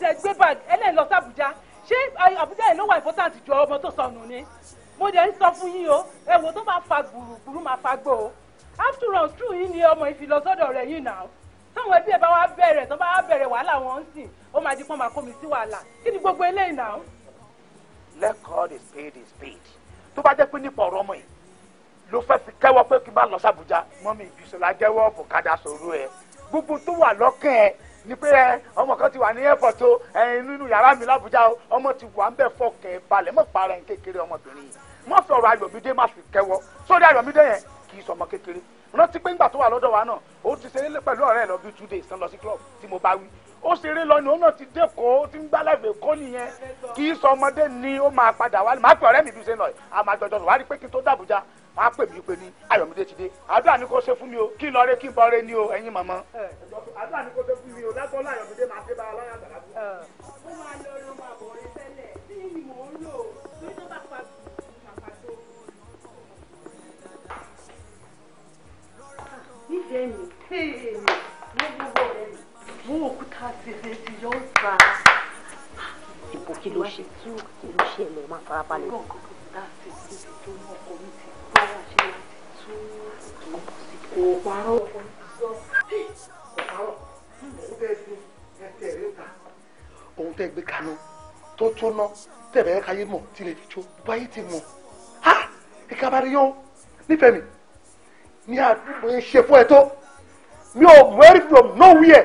ṣe gbé bag ẹlẹ́yìn lọ sí Àbújá ṣé Àbújá yìí ló wà important ju ọmọ tó sọnù ni mo dẹ̀ sọ fún yín o ẹ̀wò tó máa fa gbùrùgbùrù máa fa gbò ó after all true yín ni ọmọ ìfilọ́sọ́dọ̀ rẹ̀ yìí náà táwọn ẹbí ẹ bá wá bẹ̀rẹ̀ tó bá wá bẹ̀rẹ̀ wàhálà wọn ń sìn ó máa di pọ́n máa kó mi sí wàhálà kí ni gbogbo eléyìí náà. let God is paid is paid tó bá jẹ́ pé nípa ọ̀rọ̀ ọmọ yìí ló fẹ́ fi kẹ́wọ́ pé kí n bá lọ sí Àbújá mọ́mí ìbísọ̀lá jẹ́wọ́ bùkádà sọ̀rọ̀ ẹ̀ gbogbo tó wà lọ́kàn ẹ̀ ni pé ẹ ọmọ kan ti wà ní airport o ẹyin nínú yàrá mi l'Àbújá o ọmọ ti wà ń bẹ̀ fọkàn balẹ̀ mọ̀ para ẹ̀ kékeré ọmọbìnrin yìí mọ̀ fọ̀rọ̀ Ayọ̀mídé má fi kẹwọ́ sórí Ayọ̀mídé yẹn kì í sọmọ kékeré rántí pé ńgbà tó wà lọ́dọ̀ wa náà ó ti ṣeré pẹ̀lú ọ̀rẹ́ ẹ̀ lọ bí two days lọ sí club tí mo bá wí ó ṣeré lọ ni òun náà ti dẹ́kọ̀ọ́ ti ń gbálẹ̀fẹ̀ kọ́ nìyẹn kì í sọ ni ó máa padà wá máa pè ọ̀rẹ́ mi bí ṣe lọ àmàgbẹ̀jọ̀ wá wọ́n á pè mí pé ní Ayọ̀mídé ti dé àdúrà ni kò ṣe fún mi o kí n lọ rẹ kí n bọ rẹ ní o ẹ̀yin màmá. àdúrà ni kò ṣe fún mi o lágbọ́n láyọ̀mídé máa ṣe bá aláyà gbàgbà. ó máa lọ irun máa bọ̀ orin tẹ́lẹ̀ tí ni mò ń lò torí tó bá pa pàpàtó. níjẹ́ mi mo gbogbo rẹ̀ mo òkúta tètè ti yọ ọ́ sá. ìbò kí ló ṣe kí ló ṣe lè máa farabalẹ̀. lọ tẹ̀bẹ̀ ká yé mọ̀ tí lè tó báyìí ti mọ̀ á kíkà bá rí yán nífẹ̀ẹ́ mi ní àdúgbò yẹn ṣe fún ẹ tó mi ò mú ẹrí from nowhere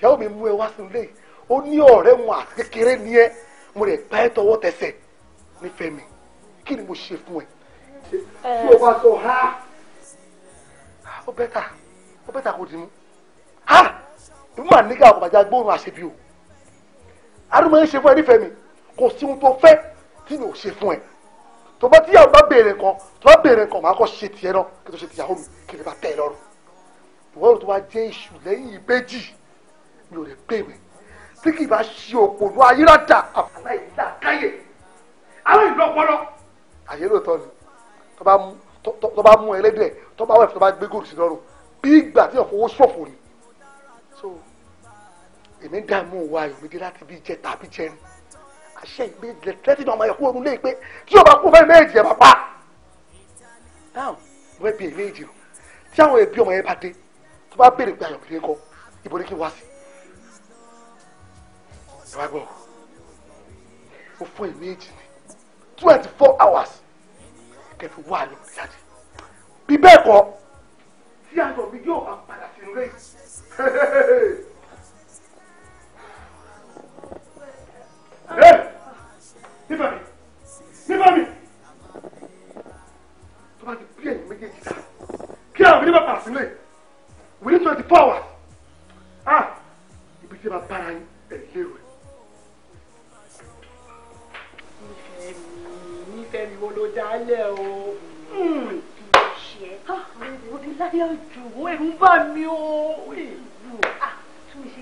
ìyàwó mi mú ẹ wá sínú lẹ́yìn ó ní ọ̀rẹ́ wọn àti kékeré ni ẹ mo rẹ̀ gbá ẹ tọwọ́ tẹsẹ̀ nífẹ̀ẹ́ mi kí ni mo ṣe fún ẹ. tí o bá sọ ha ó bẹ́tà ó bẹ́tà kò dì mú ha ìmú àníkà ọkọ̀ bàjẹ́ agbóhùn àṣebí o àdúgbò yẹn ṣe fún ẹ nífẹ̀ẹ́ mi kò sí ohun tó fẹ́ tí mi ò ṣe fún ẹ tó bá tíyàwó bá béèrè nǹkan tó bá béèrè nǹkan màá kọ́ ṣe tiẹ̀ náà kí tó ṣe tìyàwó mi kí lè bá tẹ̀ ẹ lọ́rùn ìwọ́n tó wá jẹ́ iṣu lẹ́yìn ìbejì mi ò lè pè mí tí kì í bá ṣe òpònú ayírádà àbáyíṣà káyè àwọn ìlú ọpọlọ. àyè lóòótọ́ ni tó bá mú ẹlẹ́dẹ̀ẹ́ tó bá wẹ̀ tó bá gbé gòrò sí lọ́rùn bí ìgbà tí ìfowó ṣòfò ni èmi dààmú wa ayò láti bí jẹ tàbí jẹrin àṣẹ ìgbésẹ lẹtí náà máa yẹ kó oorun léyìí pé tí o bá kú fẹ́ẹ́ méjì ẹ bá pa dáhùn mo fẹ́ bí o tí àwọn ẹbí ọmọ yẹn bá dé tó bá béèrè pé àyọ̀kìlẹ̀ kọ ibo ni kí n wá sí ẹ wá gbọ́ o fún èmi èjì twenty four hours kẹfì wá àyọ̀kìlẹ̀ jáde bí bẹ́ẹ̀ kọ́ tí àyọ̀ mi yóò máa padà sínú lẹ́yìn. nípa mi nípa mi tó bá ti bí ẹ̀yìn méjèèjì dá kí àwọn ìdílé bàbá sílẹ̀ within twenty four hours ah ibi tí a bá bára yín ẹ̀ lérò ẹ̀. nífẹ̀ẹ́ mi wo ló dálẹ̀ o hmm. ah, láyé ọjọ́ ẹ̀rù ń bà mí o. Ah,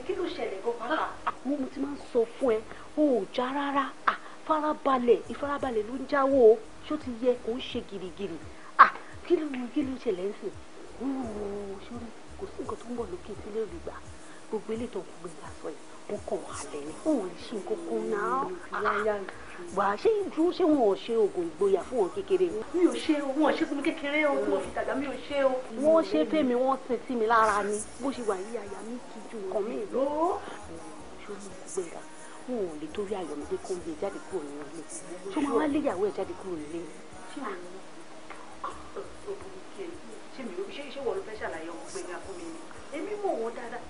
kí ló ṣẹlẹ̀ gan-an. Ah, mo ti máa ń sọ fún ẹ o ò já rárá à farabalẹ̀ ìfarabalẹ̀ ló ń jáwó o ṣó ti yẹ kó ń ṣe gìrìgìrì à kí ló ń kí ló ń ṣẹlẹ̀ ń sìn wúwo sórí kò sí nǹkan tó ń bọ̀ lókè tí lè rí gbà gbogbo eléyìí tó ń gbé ga sọ yìí ó kàn wà lẹ́yìn ó lè ṣe nǹkan kan náà wà á ṣe dúró ṣé wọn ò ṣe oògùn ìgboyà fún wọn kékeré. mi ò ṣe o wọn ò ṣe fún mi kékeré o mo fi dàgbà mi ò ṣe o. wọn ṣe fẹmi wọn ti sí mi lára ni bó ṣe wà yí àyà mi kì ju nǹkan mi lọ fún òun lè torí àyọ̀mídé kó lè jáde kúrò nínú ilé tó máa wá léyàwó ẹ̀ jáde kúrò nílé. ṣé wọ́n ló fẹ́ ṣàlàyé ọmọ pé ní akómi ni èmi mọ̀ wọ́n dáadáa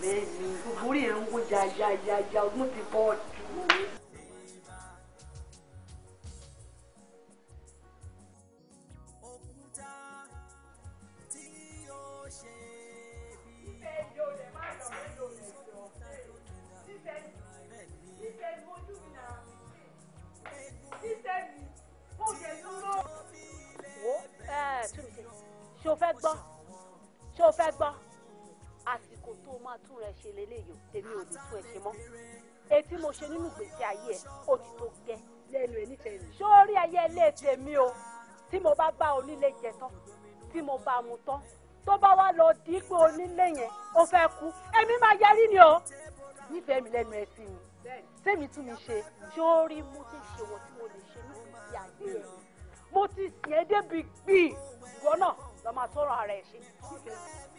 bẹ́ẹ̀ ni orí ẹ̀ ń wó jajajajá ọdún ti bọ́ọ̀dù. ṣé o fẹ́ gbọ́ ṣé o fẹ́ gbọ́ àsìkò tó o máa tún rẹ ṣe lélẹ́yìí èmi ò ní tún ẹ ṣe mọ́ etí mo ṣe nínú ìgbésí ayé ẹ ó ti tó gẹ́ lẹ́nu ẹ nífẹ̀ẹ́ rẹ. sórí ayé ilé tèmi o tí mo bá bá onílé jẹ tán tí mo bá mu tán tó bá wá lọ dí pé onílé yẹn ó fẹ́ kú èmi máa yarí ni o nífẹ̀ẹ́ mi lẹ́nu ẹ sí mi sẹ́mi tún mi ṣe sórí mo ti ṣe wọ́n tí mo lè ṣe nínú ìgbésí ayé ẹ mo ti sìn ẹ́ débi gbì ìwọ náà lọ máa sọ̀rọ̀ ara ẹ̀ ṣe fún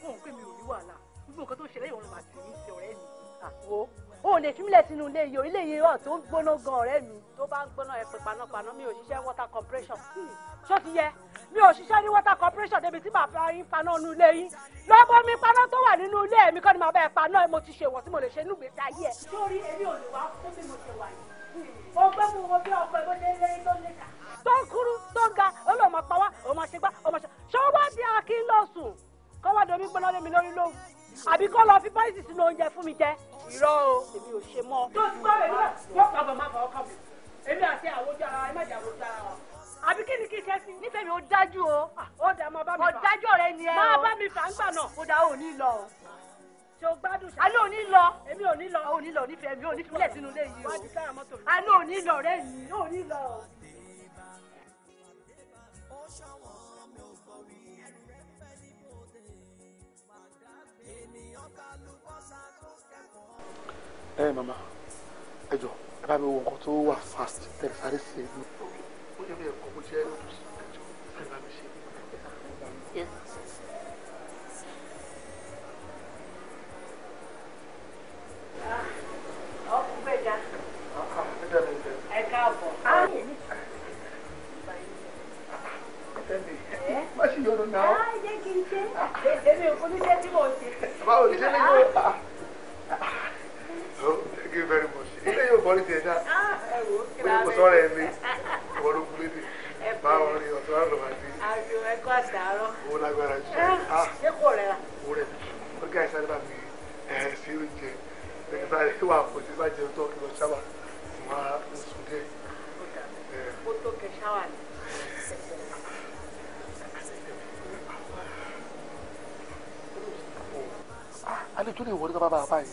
òun pé mi ò ní wàhálà gbogbo nǹkan tó ń ṣẹlẹ̀ ìwọ̀n ló máa tì mí sí ọ̀rẹ́ mi. àwo o ò lè fílẹ̀ sínú ilé yìí ilé yìí ọ̀ tó ń gbóná gan ọ̀rẹ́ mi. tó bá ń gbóná ẹ pé panápaná mi ò ṣiṣẹ́ water compression hmm, ṣó ti yẹ mi ò ṣiṣẹ́ ní water compression débi tí màá fi paná nu ilé yín lọ́gbọ́n mi paná tó wà nínú ilé mi kọ́ ni màá bẹ́ẹ̀ paná mo ti ṣèwọ̀n tí mo lè ṣe nínú ìgbésí ayé ẹ̀. sórí èmi ò lè wá fún mi mo ṣe wà yìí. ọgbẹ́ hmm. mu wo bí ọgbẹ́ bó ṣe lé tó lé ta tó ń kúrú tó ń ga olóòmọ pa wá ọmọ ṣe gbá ọmọ ṣe ṣé wọ́n di akin lọ sùn kọ́ wá domi gbọ́ná lé mi lórí lóhùn àbí kọ́ lọ fi pọ́ìsì sínú oúnjẹ fún mi jẹ irọ́ o èmi ò ṣe mọ́. tó ti gbọ́ rẹ̀ nígbà yóò pàgọ́ má fọwọ́ kàn mí èmi àti àwòjọ ara ẹ má jẹ́ àwòjọ ara wa àbí kí ni kí ṣe sí. nífẹ̀ẹ́ mi ó dájú o. Ah, ó dà mọ bá mi fà. ọ̀dájú ọ̀rẹ́ ni ẹ o. máa bá mi fà ń gbà náà. ó dà ó ní lọ o. ṣé o gbádùn ṣáà. àná ò ní lọ. èmi ò ní lọ. ò ní lọ nífẹ̀ẹ́ mi ò ní fúnlẹ̀ sínú ilé yìí o. wá ti sára mọ́tò mi. àná ò ní lọ ọ̀rẹ́ yìí ò ní lọ o. ẹ mama ẹ jọ ẹ bá mi wọ nǹkan tó wà fast tẹ̀sán ṣe é. ó yẹ kí ẹ kọ́ bó ṣe é báyìí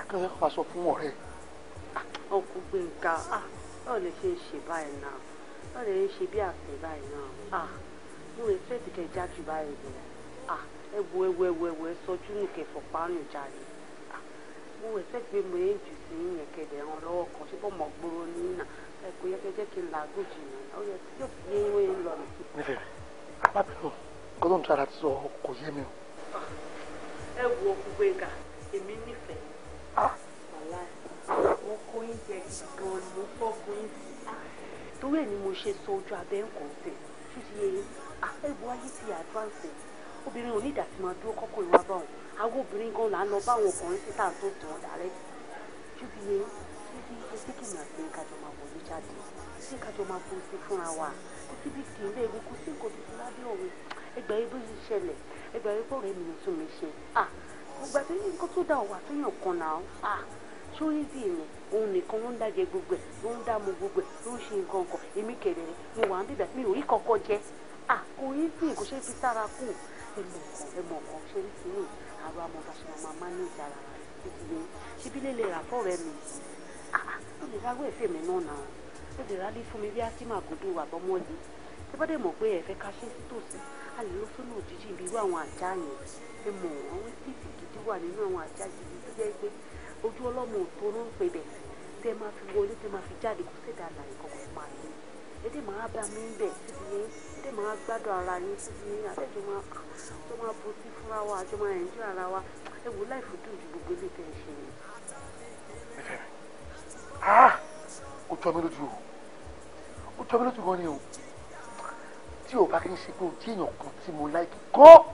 akẹ́kọ̀ọ́ wa sọ fún ọ̀rẹ́. ọkọ gbẹ̀ngà ah, báwo lè ṣe é ṣe báyìí náà báwo lè ṣe bí àpè báyìí náà ah, mo rè fẹ́ tìkẹ́ jájú báyìí lọ ah, ẹ wo ẹwọ ẹwọ ẹwọ sọjú nù kẹfọ jáde mo rè fẹ́ pé mo yẹn jù sí yẹn kẹdẹ ẹran lọ́wọ́ kan ṣé kò gbòòrò ní ìnà yẹ kẹjẹ kí n làágùn jìnnà ó yóò fi yẹn ẹ wo ọkùnrin kan èmi nífẹ̀ẹ́ ah. wàhálà wọn kó yín jẹ gan ni mo pọ̀ kó yín sí torí ẹ̀ ni mo ṣe so ojú abẹ́ nǹkan ọ̀fẹ́ títí yẹ ẹ̀bùn ayé ti advance obìnrin ò ní ìdàtí máa dúró kọ́kọ́ ìwà báwọn àwọn obìnrin gan là ń lọ báwọn ọkùnrin títà tó tàn án dàrẹ́ títí yẹ títí ẹgbẹ́ kìnnì àti ìkájọ máa wọlé jáde sí ìkájọ máa fún sí fúnra wa kò síbi kì í lé egungun sí nǹkan tuntun lábẹ́ òwe ẹgbẹ́ yìí ṣẹlẹ̀ ẹgbẹ́ yìí bó rẹ̀ mi tún mi ṣe ah ìgbà tó ní nǹkan tó dà wà tó yàn kan náà sórí bíi mi òun nìkan ló ń dájẹ gbogbo ẹ ló ń dààmú gbogbo ẹ ló ń ṣe nǹkan kan èmi kẹrẹ rẹ mo wà ń bíbẹ mi ò rí kọkọ jẹ kò rí bí kò ṣe fi sára kù ẹmọ kan ẹmọ kan ṣe ń fi ní àrùn amọ̀bàṣẹ máa máa ní ìjàrà ìdílé ṣíbí lélẹ̀ rà fọ́ọ̀rẹ́ mi ó lè ráwọ́ ẹ̀fẹ́ mi náà náà ó lè rálé fún mi bí ásímà gòdò àbọ̀mọ́lé tí bá mọ̀ pé ẹ̀fẹ́ ká ṣe sí tòsí wà nínú àwọn àjáde tó jẹ́ pé ojú ọlọ́mọ òtó ló ń pè bẹ̀ tẹ máa fi wọlé tẹ máa fi jáde kó sì dáadáa ìkọ̀kọ̀ máa ní ẹ dẹ̀ máa bá mi ń bẹ̀ síbi yẹn ẹ dẹ̀ máa gbádùn ara yín síbi yẹn àtẹ̀jọ máa jọ máa bọtí fúnra wa àjọ máa ẹ̀ńjọ ara wa ẹ wò láìfò dùn ju gbogbo ilé tẹ̀ ń ṣe yẹn. Ah! ó jọ mí lójú o ó jọ mí lójú gan ni o tí o bá kí n ṣe pé o jẹ́ èèyàn kan tí mo láìkí gan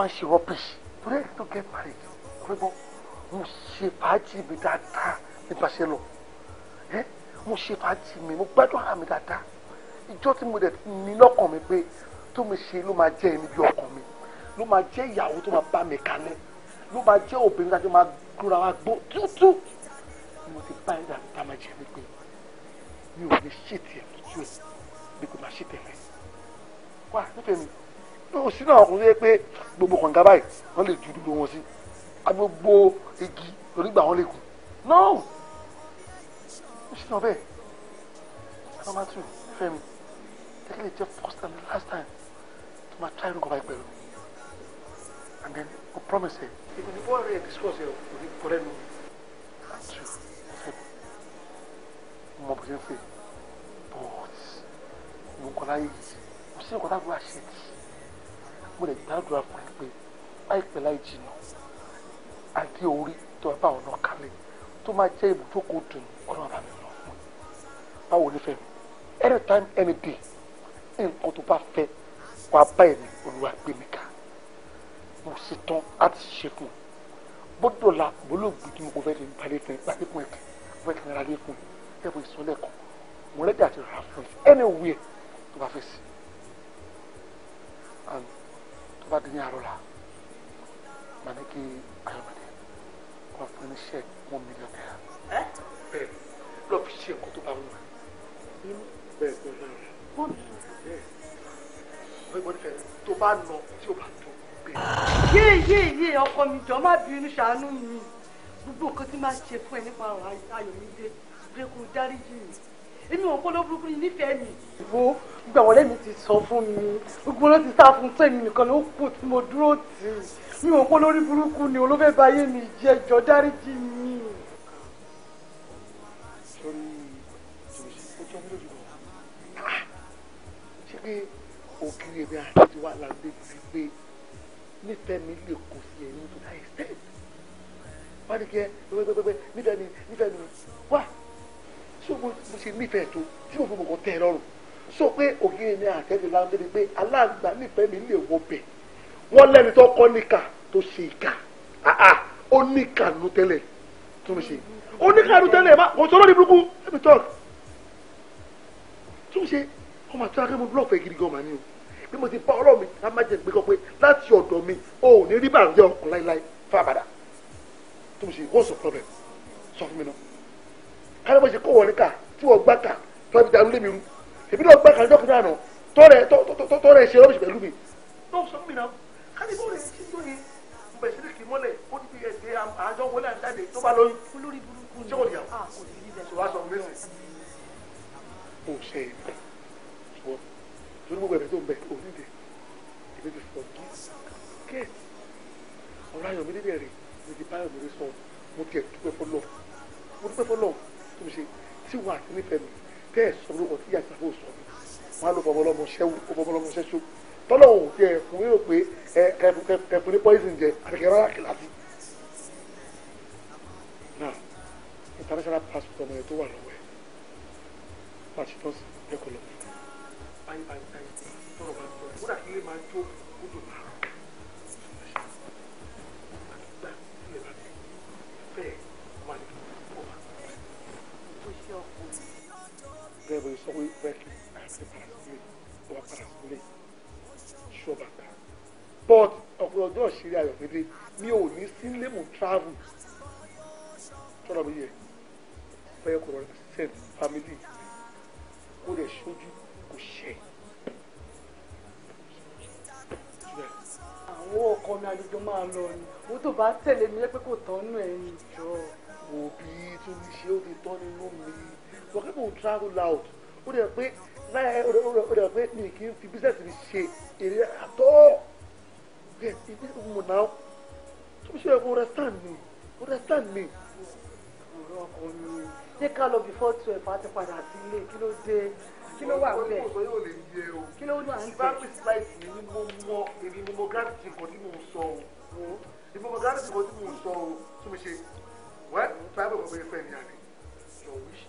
máa ń ṣe rubbish torí ẹ̀ tó get married gbẹ́gbọ́ mo ṣe fàájì mi dáadáa nípa ṣe lọ ẹ mo ṣe fàájì mi mo gbádùn ara mi dáadáa ìjọ tí mo dẹ̀ ní lọ́kàn mi pé tó mi ṣe ló máa jẹ́ ẹni bí ọkàn mi ló máa jẹ́ ìyàwó tó máa bá mi kalẹ̀ ló máa jẹ́ obìnrin láti máa gbóra wa gbó tútù ni mo ti bá ẹ̀dá tá a máa jẹ́ mi pé mi ò lè ṣètì ẹ̀ tútù ẹ̀ bí kò máa ṣètì ẹ̀ rẹ̀ wá nífẹ̀ẹ́ mi tó sínú àwọn ọkùnrin pé gbogbo kànga báyìí wọ́n lè ju gbogbo wọn sí agbogbo igi onígbà wọn lè kù no sínú ọbẹ̀ number two fẹ́mi tẹ́kẹ́ lè jẹ́ first and last time to ma try irun kọ́ báyìí pẹ̀lú and then o promise ẹ ìgbìmọ̀ ní bọ́ọ̀lù rẹ̀ discuss ẹ̀ kò ní kọ́ lẹ́nu and two fẹ́mi mo bẹ̀rẹ̀ fẹ́ but mo kọ́ láyé kò sí ìkọ́tà bí wàá ṣe ti mo lè gbàdúrà fún ẹ pé láìpẹ́ láì jìnnà adé orí tó bá ọ̀nà kalẹ̀ tó máa jẹ́ ibùjókòó dùn ọ̀nà àbàmì lọ fún báwo lè fẹ́ mi anytime any day nǹkan tó bá fẹ́ wàá bá ẹ̀mí olúwa gbé mi ká mo sì tán láti ṣe fún un gbọ́dọ̀ la gbólóògbé tí mo kò fẹ́ ti balẹ̀ fún ẹ gbàgbé fún mo fẹ́ ti ń ralé fún ẹ ẹ mo rẹ́dí àti rà fún ẹ anywhere tó bá fẹ́ sí. and Badinaro la Maniki Ayomade wà fún ní ṣe one million naira. Bẹ́ẹ̀ lọ fi ṣe nǹkan tó bá wù mí. Bẹ́ẹ̀ tó náà. Wọ́n mi bẹ́ẹ̀ bẹ́ẹ̀ bọ́dí fẹ́ẹ́ tó bá nà tí ó bá tó bẹ́ẹ̀. Yéè yéè yéè ọkọ mi jọ má bínú ṣàánú mi gbogbo nǹkan tí máa ṣe fún ẹ nípa ọ̀rọ̀ mi dé bí kò dáríjì mi èmi ò kó ló burúkú ni nífẹ̀ẹ́ mi. wo gbogbo àwọn mi ti sọ fún mi gbogbo ló ti sá fún tó nìkan ló kù tí mo dúró tì í mi ò kó lórí burúkú ni olófẹ́ báyé mi jẹ́ jọ dáríjì mi. ṣé pé ògiri èmi àti wà lábẹ́ ti gbé nífẹ̀ẹ́ mi lè kó sí ẹ̀yìn tó láì sẹ́ẹ̀ wọ́n ti kẹ́ pẹ́pẹ́pẹ́ nífẹ̀ẹ́ mi nífẹ̀ẹ́ mi wá so mo ṣe nífẹ̀ẹ́ tó tí mo fi mọ̀kàn tẹ́ ẹ lọ́rùn so pé ògiri ni àtẹ́lẹ̀ láńdé ni pé aláàgbà nífẹ̀ẹ́ mi lè wọ bẹ̀ wọ́n lẹ́ni tó kọ́ níkà tó ṣe ìkà àà ó níkà nù tẹ́lẹ̀ tó ń ṣe ó níkà nù tẹ́lẹ̀ má kò sọ́rọ́ ní burúkú ẹ̀mí tọ́ọ̀k tó ń ṣe ọmọ àti akẹ́mu búlọ̀kù ẹ̀gidi gan màá ní o bí mo ti bá ọlọ́run mi ká má jẹ pé kọ́ pé láti ọ̀dọ̀ mi o kára bọ́sẹ̀ kó wọlé ká tí wọ́n gbá ká tí wọ́n fi dàrú lé mi rú èmi náà gbá ká lọ́kùn náà nà tọ́rẹ̀ tọ́rẹ̀ ṣe rọ́bìṣì pẹ̀lú mi. náà sọ mí náà kárí bọ́ọ̀lù ẹ̀ ṣí lóye bẹ̀sẹ̀ kì í mọ́lẹ̀ ó ti fi ẹ̀dẹ̀ àjọ wọlé àjáde tó bá lóyún. olórí burúkú ni sọ́kò ìyàwó sọ́wọ́ sọ mí sí. o ṣe ìwọ torí gbogbo ẹ̀rẹ̀ tó ń bẹ òníde èmi ti fọ kí kẹ́ ọ̀rọ̀ ayọ̀ mi níbẹ̀ rè mi ti bá ẹ̀mí sọ mo ti ẹ̀ dúpẹ́ fọlọ́ mo dúpẹ́ fọlọ́ tó ń ṣe tí wà á nífẹ̀ẹ́ mi tẹ́ ẹ̀ sọ lóko tí yàtọ̀ ó sọ mi wọn á lo fọmọlọmọ ṣẹ́wó ó fọmọlọmọ ṣẹ́ṣó tọ́lọ́hùn tí ẹ̀ fún yóò pé ẹ kẹfún ní poison jẹ àtẹkẹrẹ kìláàsì náà international passport ọmọ yẹn tó wà lọ́wọ́ ẹ̀ pàṣẹ tó ń sìn ẹ̀kọ́ lọ́wọ́. bẹ́ẹ̀ bẹ́ẹ̀ sọ pé bẹ́ẹ̀ kí àti parasílẹ̀ ọba parasílẹ̀ ṣọba gbà but ọ̀pọ̀ ọjọ́ ìṣeré ayọ̀mídé mi ò ní sílé mò travel tọ́lọ̀ mi yẹ fẹ́ kó rọrùn send family kó lè ṣojú kò ṣe. àwọn ọkọ mi àjọjọ máa lọ ni owó tó bá tẹ̀lé mi yẹ pé kò tọ́nu ẹ̀ ń jọ. òbí tó ní ṣe ó ti tọ́ nínú mi but people will travel loud ó dẹ̀ pé láyé ó dẹ̀ pé mi kì í fi business mi ṣe èrè àtọ́ yes ibi mo náà tó ṣe kó understand mi understand mi. ṣé ká lọ before twelve àti padà sílé kí ló dé kí ló wà bẹ́ẹ̀ kí ló wà ń tẹ̀. slice mi ni mo mọ èmi mo mọ gravity kan tí mo sọ o èmi mo mọ gravity tí mo sọ o tí mo ṣe wẹ́ẹ́ tí wàá bẹ̀rẹ̀ pé fẹ́ mi àná your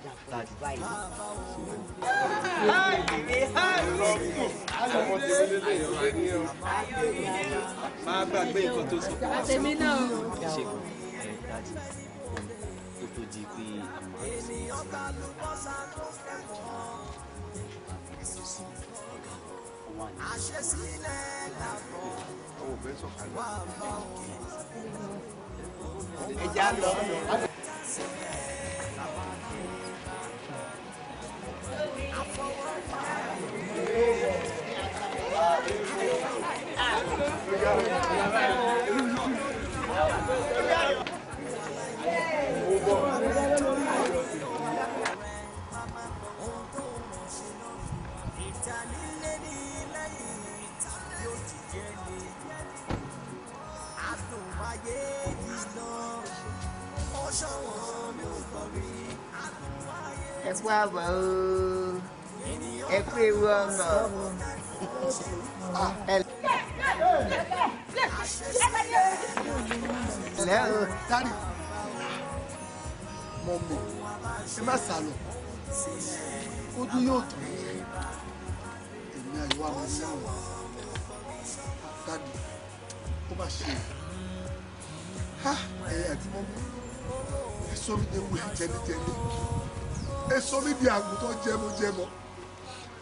máa gbàgbé nǹkan tó sọ. àtẹ̀mí náà o. ṣe ẹ dájú kó tó di pé àmọ́ àṣesílẹ̀ làbọ̀ wà bá òun. ẹ já lọ. Italian. ẹ kú àbọ̀ ooo ẹ kú ewu ọ̀nà. lẹ́ o tari mọ̀ mi ẹ má sà lọ ojú yóò tán èmi àyíwá mi ní àwọn dáàdì ó bá ṣe ẹ̀yà tí mo mú ẹ sórí ewu ẹ̀ jẹ́nijẹ́ni ẹ sọ mí di àgùntàn jẹmọjẹmọ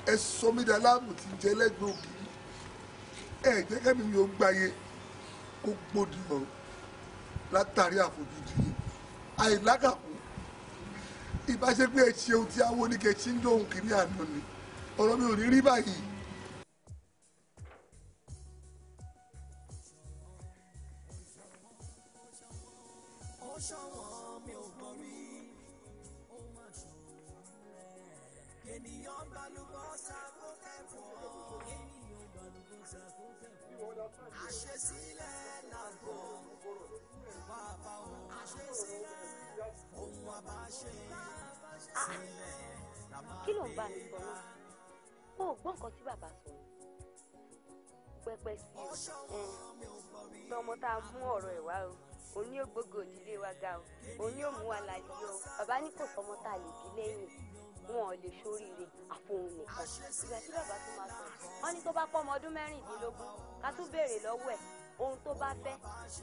ẹ sọ mí di aláàbò tí ń jẹ lẹ́gbẹ̀ẹ́ ògiri ẹ jẹ́ kẹ́mi mi ò gbáyé kó gbòdìmọ̀ látàrí àfojúdi àìlákàkùn ìbáṣepẹ́ ẹ ṣeun tí awo ní kẹ́ ṣí ń dóhùn kiri àná ni ọ̀rọ̀ mi ò ní rí báyìí. pẹ́ sí o tọmọ hm. tá a mú ọ̀rọ̀ ẹ̀ wá o òní ògbógo òdílé wa ga o òní òmù wa làyè o bàbá ní kò sọmọ tá a lè bí lẹ́yìn wọn ò lè ṣoríire àfohùn nìkan ìgbà tí bàbá tó máa sọ wọn ní tó bá pọ́ ọmọ ọdún mẹ́rìndínlógún ká tún béèrè lọ́wọ́ ẹ̀ ohun tó bá fẹ́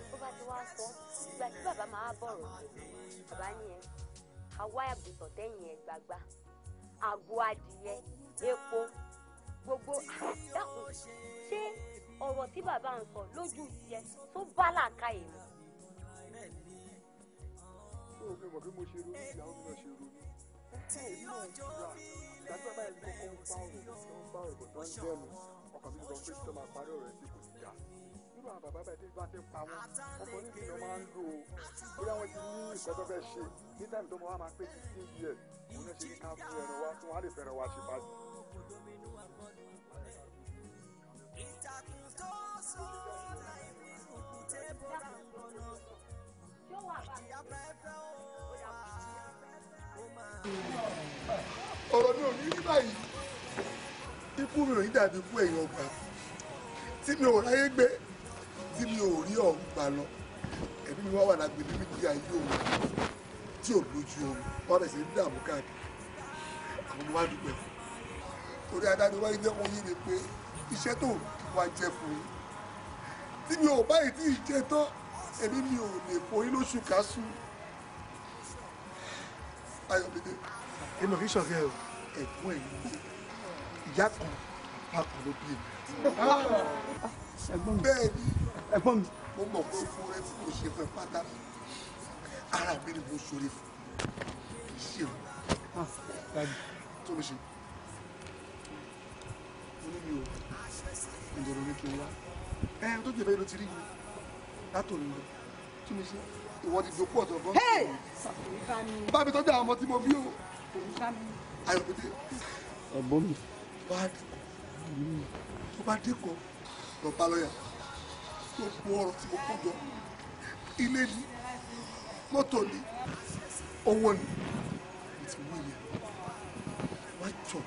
tó bá ti wá sọ ìgbà tí bàbá máa bọ̀rọ̀ bàbá yẹn àwa àgùntàn tẹ̀yìn ẹ̀ gbàgbà àgbo adìyẹ epo gbogbo dákun ṣé ọ̀rọ̀ tí bàbá ń sọ lójú tiẹ̀ tó bá làákà yìí lọ. ó fi mọ̀ bí mo ṣe ronú ìyàwó mi náà ṣe ronú èyí náà ń gbà ìdájọ́ báyìí ló kọ́ ń bá ọ̀rọ̀ tó ń bá ọ̀rọ̀ tó ń dẹ́nu ọkàn mi lọ pé tó máa parí ọ̀rọ̀ ẹ̀ sí kò ní ọ̀rọ̀ mi ò ní rí báyìí ikú mi ò ní dàbí ikú ẹ̀yìn ọgbà tí mi ò ráyé gbé tí mi ò rí ọ̀run gbà lọ ẹ̀mí mi wá wà lágbèlè méjì ayé òun tí ò lójú òun wọn rẹ̀ sì ń dààmú káàkiri àwọn ọmọ wa dúpẹ́ torí adájọ́ wáyé jẹ́ wọ́n yé mi pé iṣẹ́ tó wá jẹ́ fún yín tí mi ò báyìí tí ì jẹ tán èmi mi ò lè forí lóṣù kásù ayọ̀mídé. inú kí sọ̀rọ̀ o ẹ̀gbọ́n ẹ̀ ló ìyá kan bàbá kan ló bí èmi. bẹ́ẹ̀ ni ẹ̀gbọ́n mi. mo mọ̀ pé fún rẹ tí mo ṣe fẹ́ pátá ara mi ni mo ṣoore fún kì í ṣe o. tó ah, ló ṣe mo ní mi ò ìdòrò ní kí n wá ẹ tó jẹ bẹ́ẹ̀ ló ti rí mi látò ní lọ kí mi ṣe ìwọ ti dòkú ọ̀tọ̀ fún bá mi tọ́jú àwọn ọmọ tí mo bí o. ayọ̀pẹ̀tẹ̀. ẹ̀gbọ́n mi. bá a tó bá dẹ́kọ̀ lọ bá lọ́yà tó bu ọ̀rọ̀ tí mo kọ́ jọ ilé ni mọ́tò ni owó ni mo ti wú yẹn wá jọ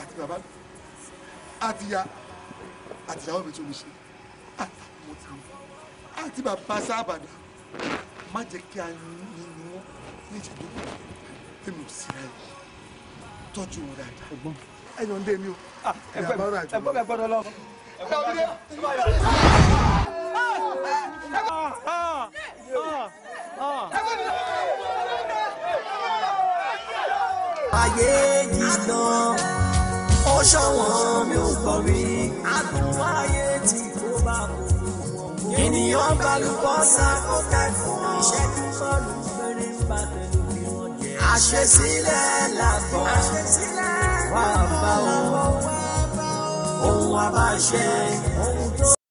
àti bàbá àti ya àti ìyàwó mi tó mi ṣe àti bàbá sábàdà má jẹ́ kí a nínú wọn ní ìjẹ́dógún èmi ò sí ra yìí tọ́jú wọn dáadáa ẹ̀gbọ́n ẹ̀yọ̀ ń dé mi o ah, ẹ̀gbọ́n mi gbọ́dọ̀ lọ. Ayé yìí lọ ó ṣọ̀wọ́n mi ò gbọ́ rí àdúgbò ayé tí kò bá kú. ènìyàn balùbọ́ sá kó kẹ́kọ̀ọ́ ìṣẹ́jú sọ́ọ̀lù péré ń bá tẹnu bí wọ́n jẹ́. àṣesílẹ̀ làbọ̀ wà bá wọn ohun àbáṣe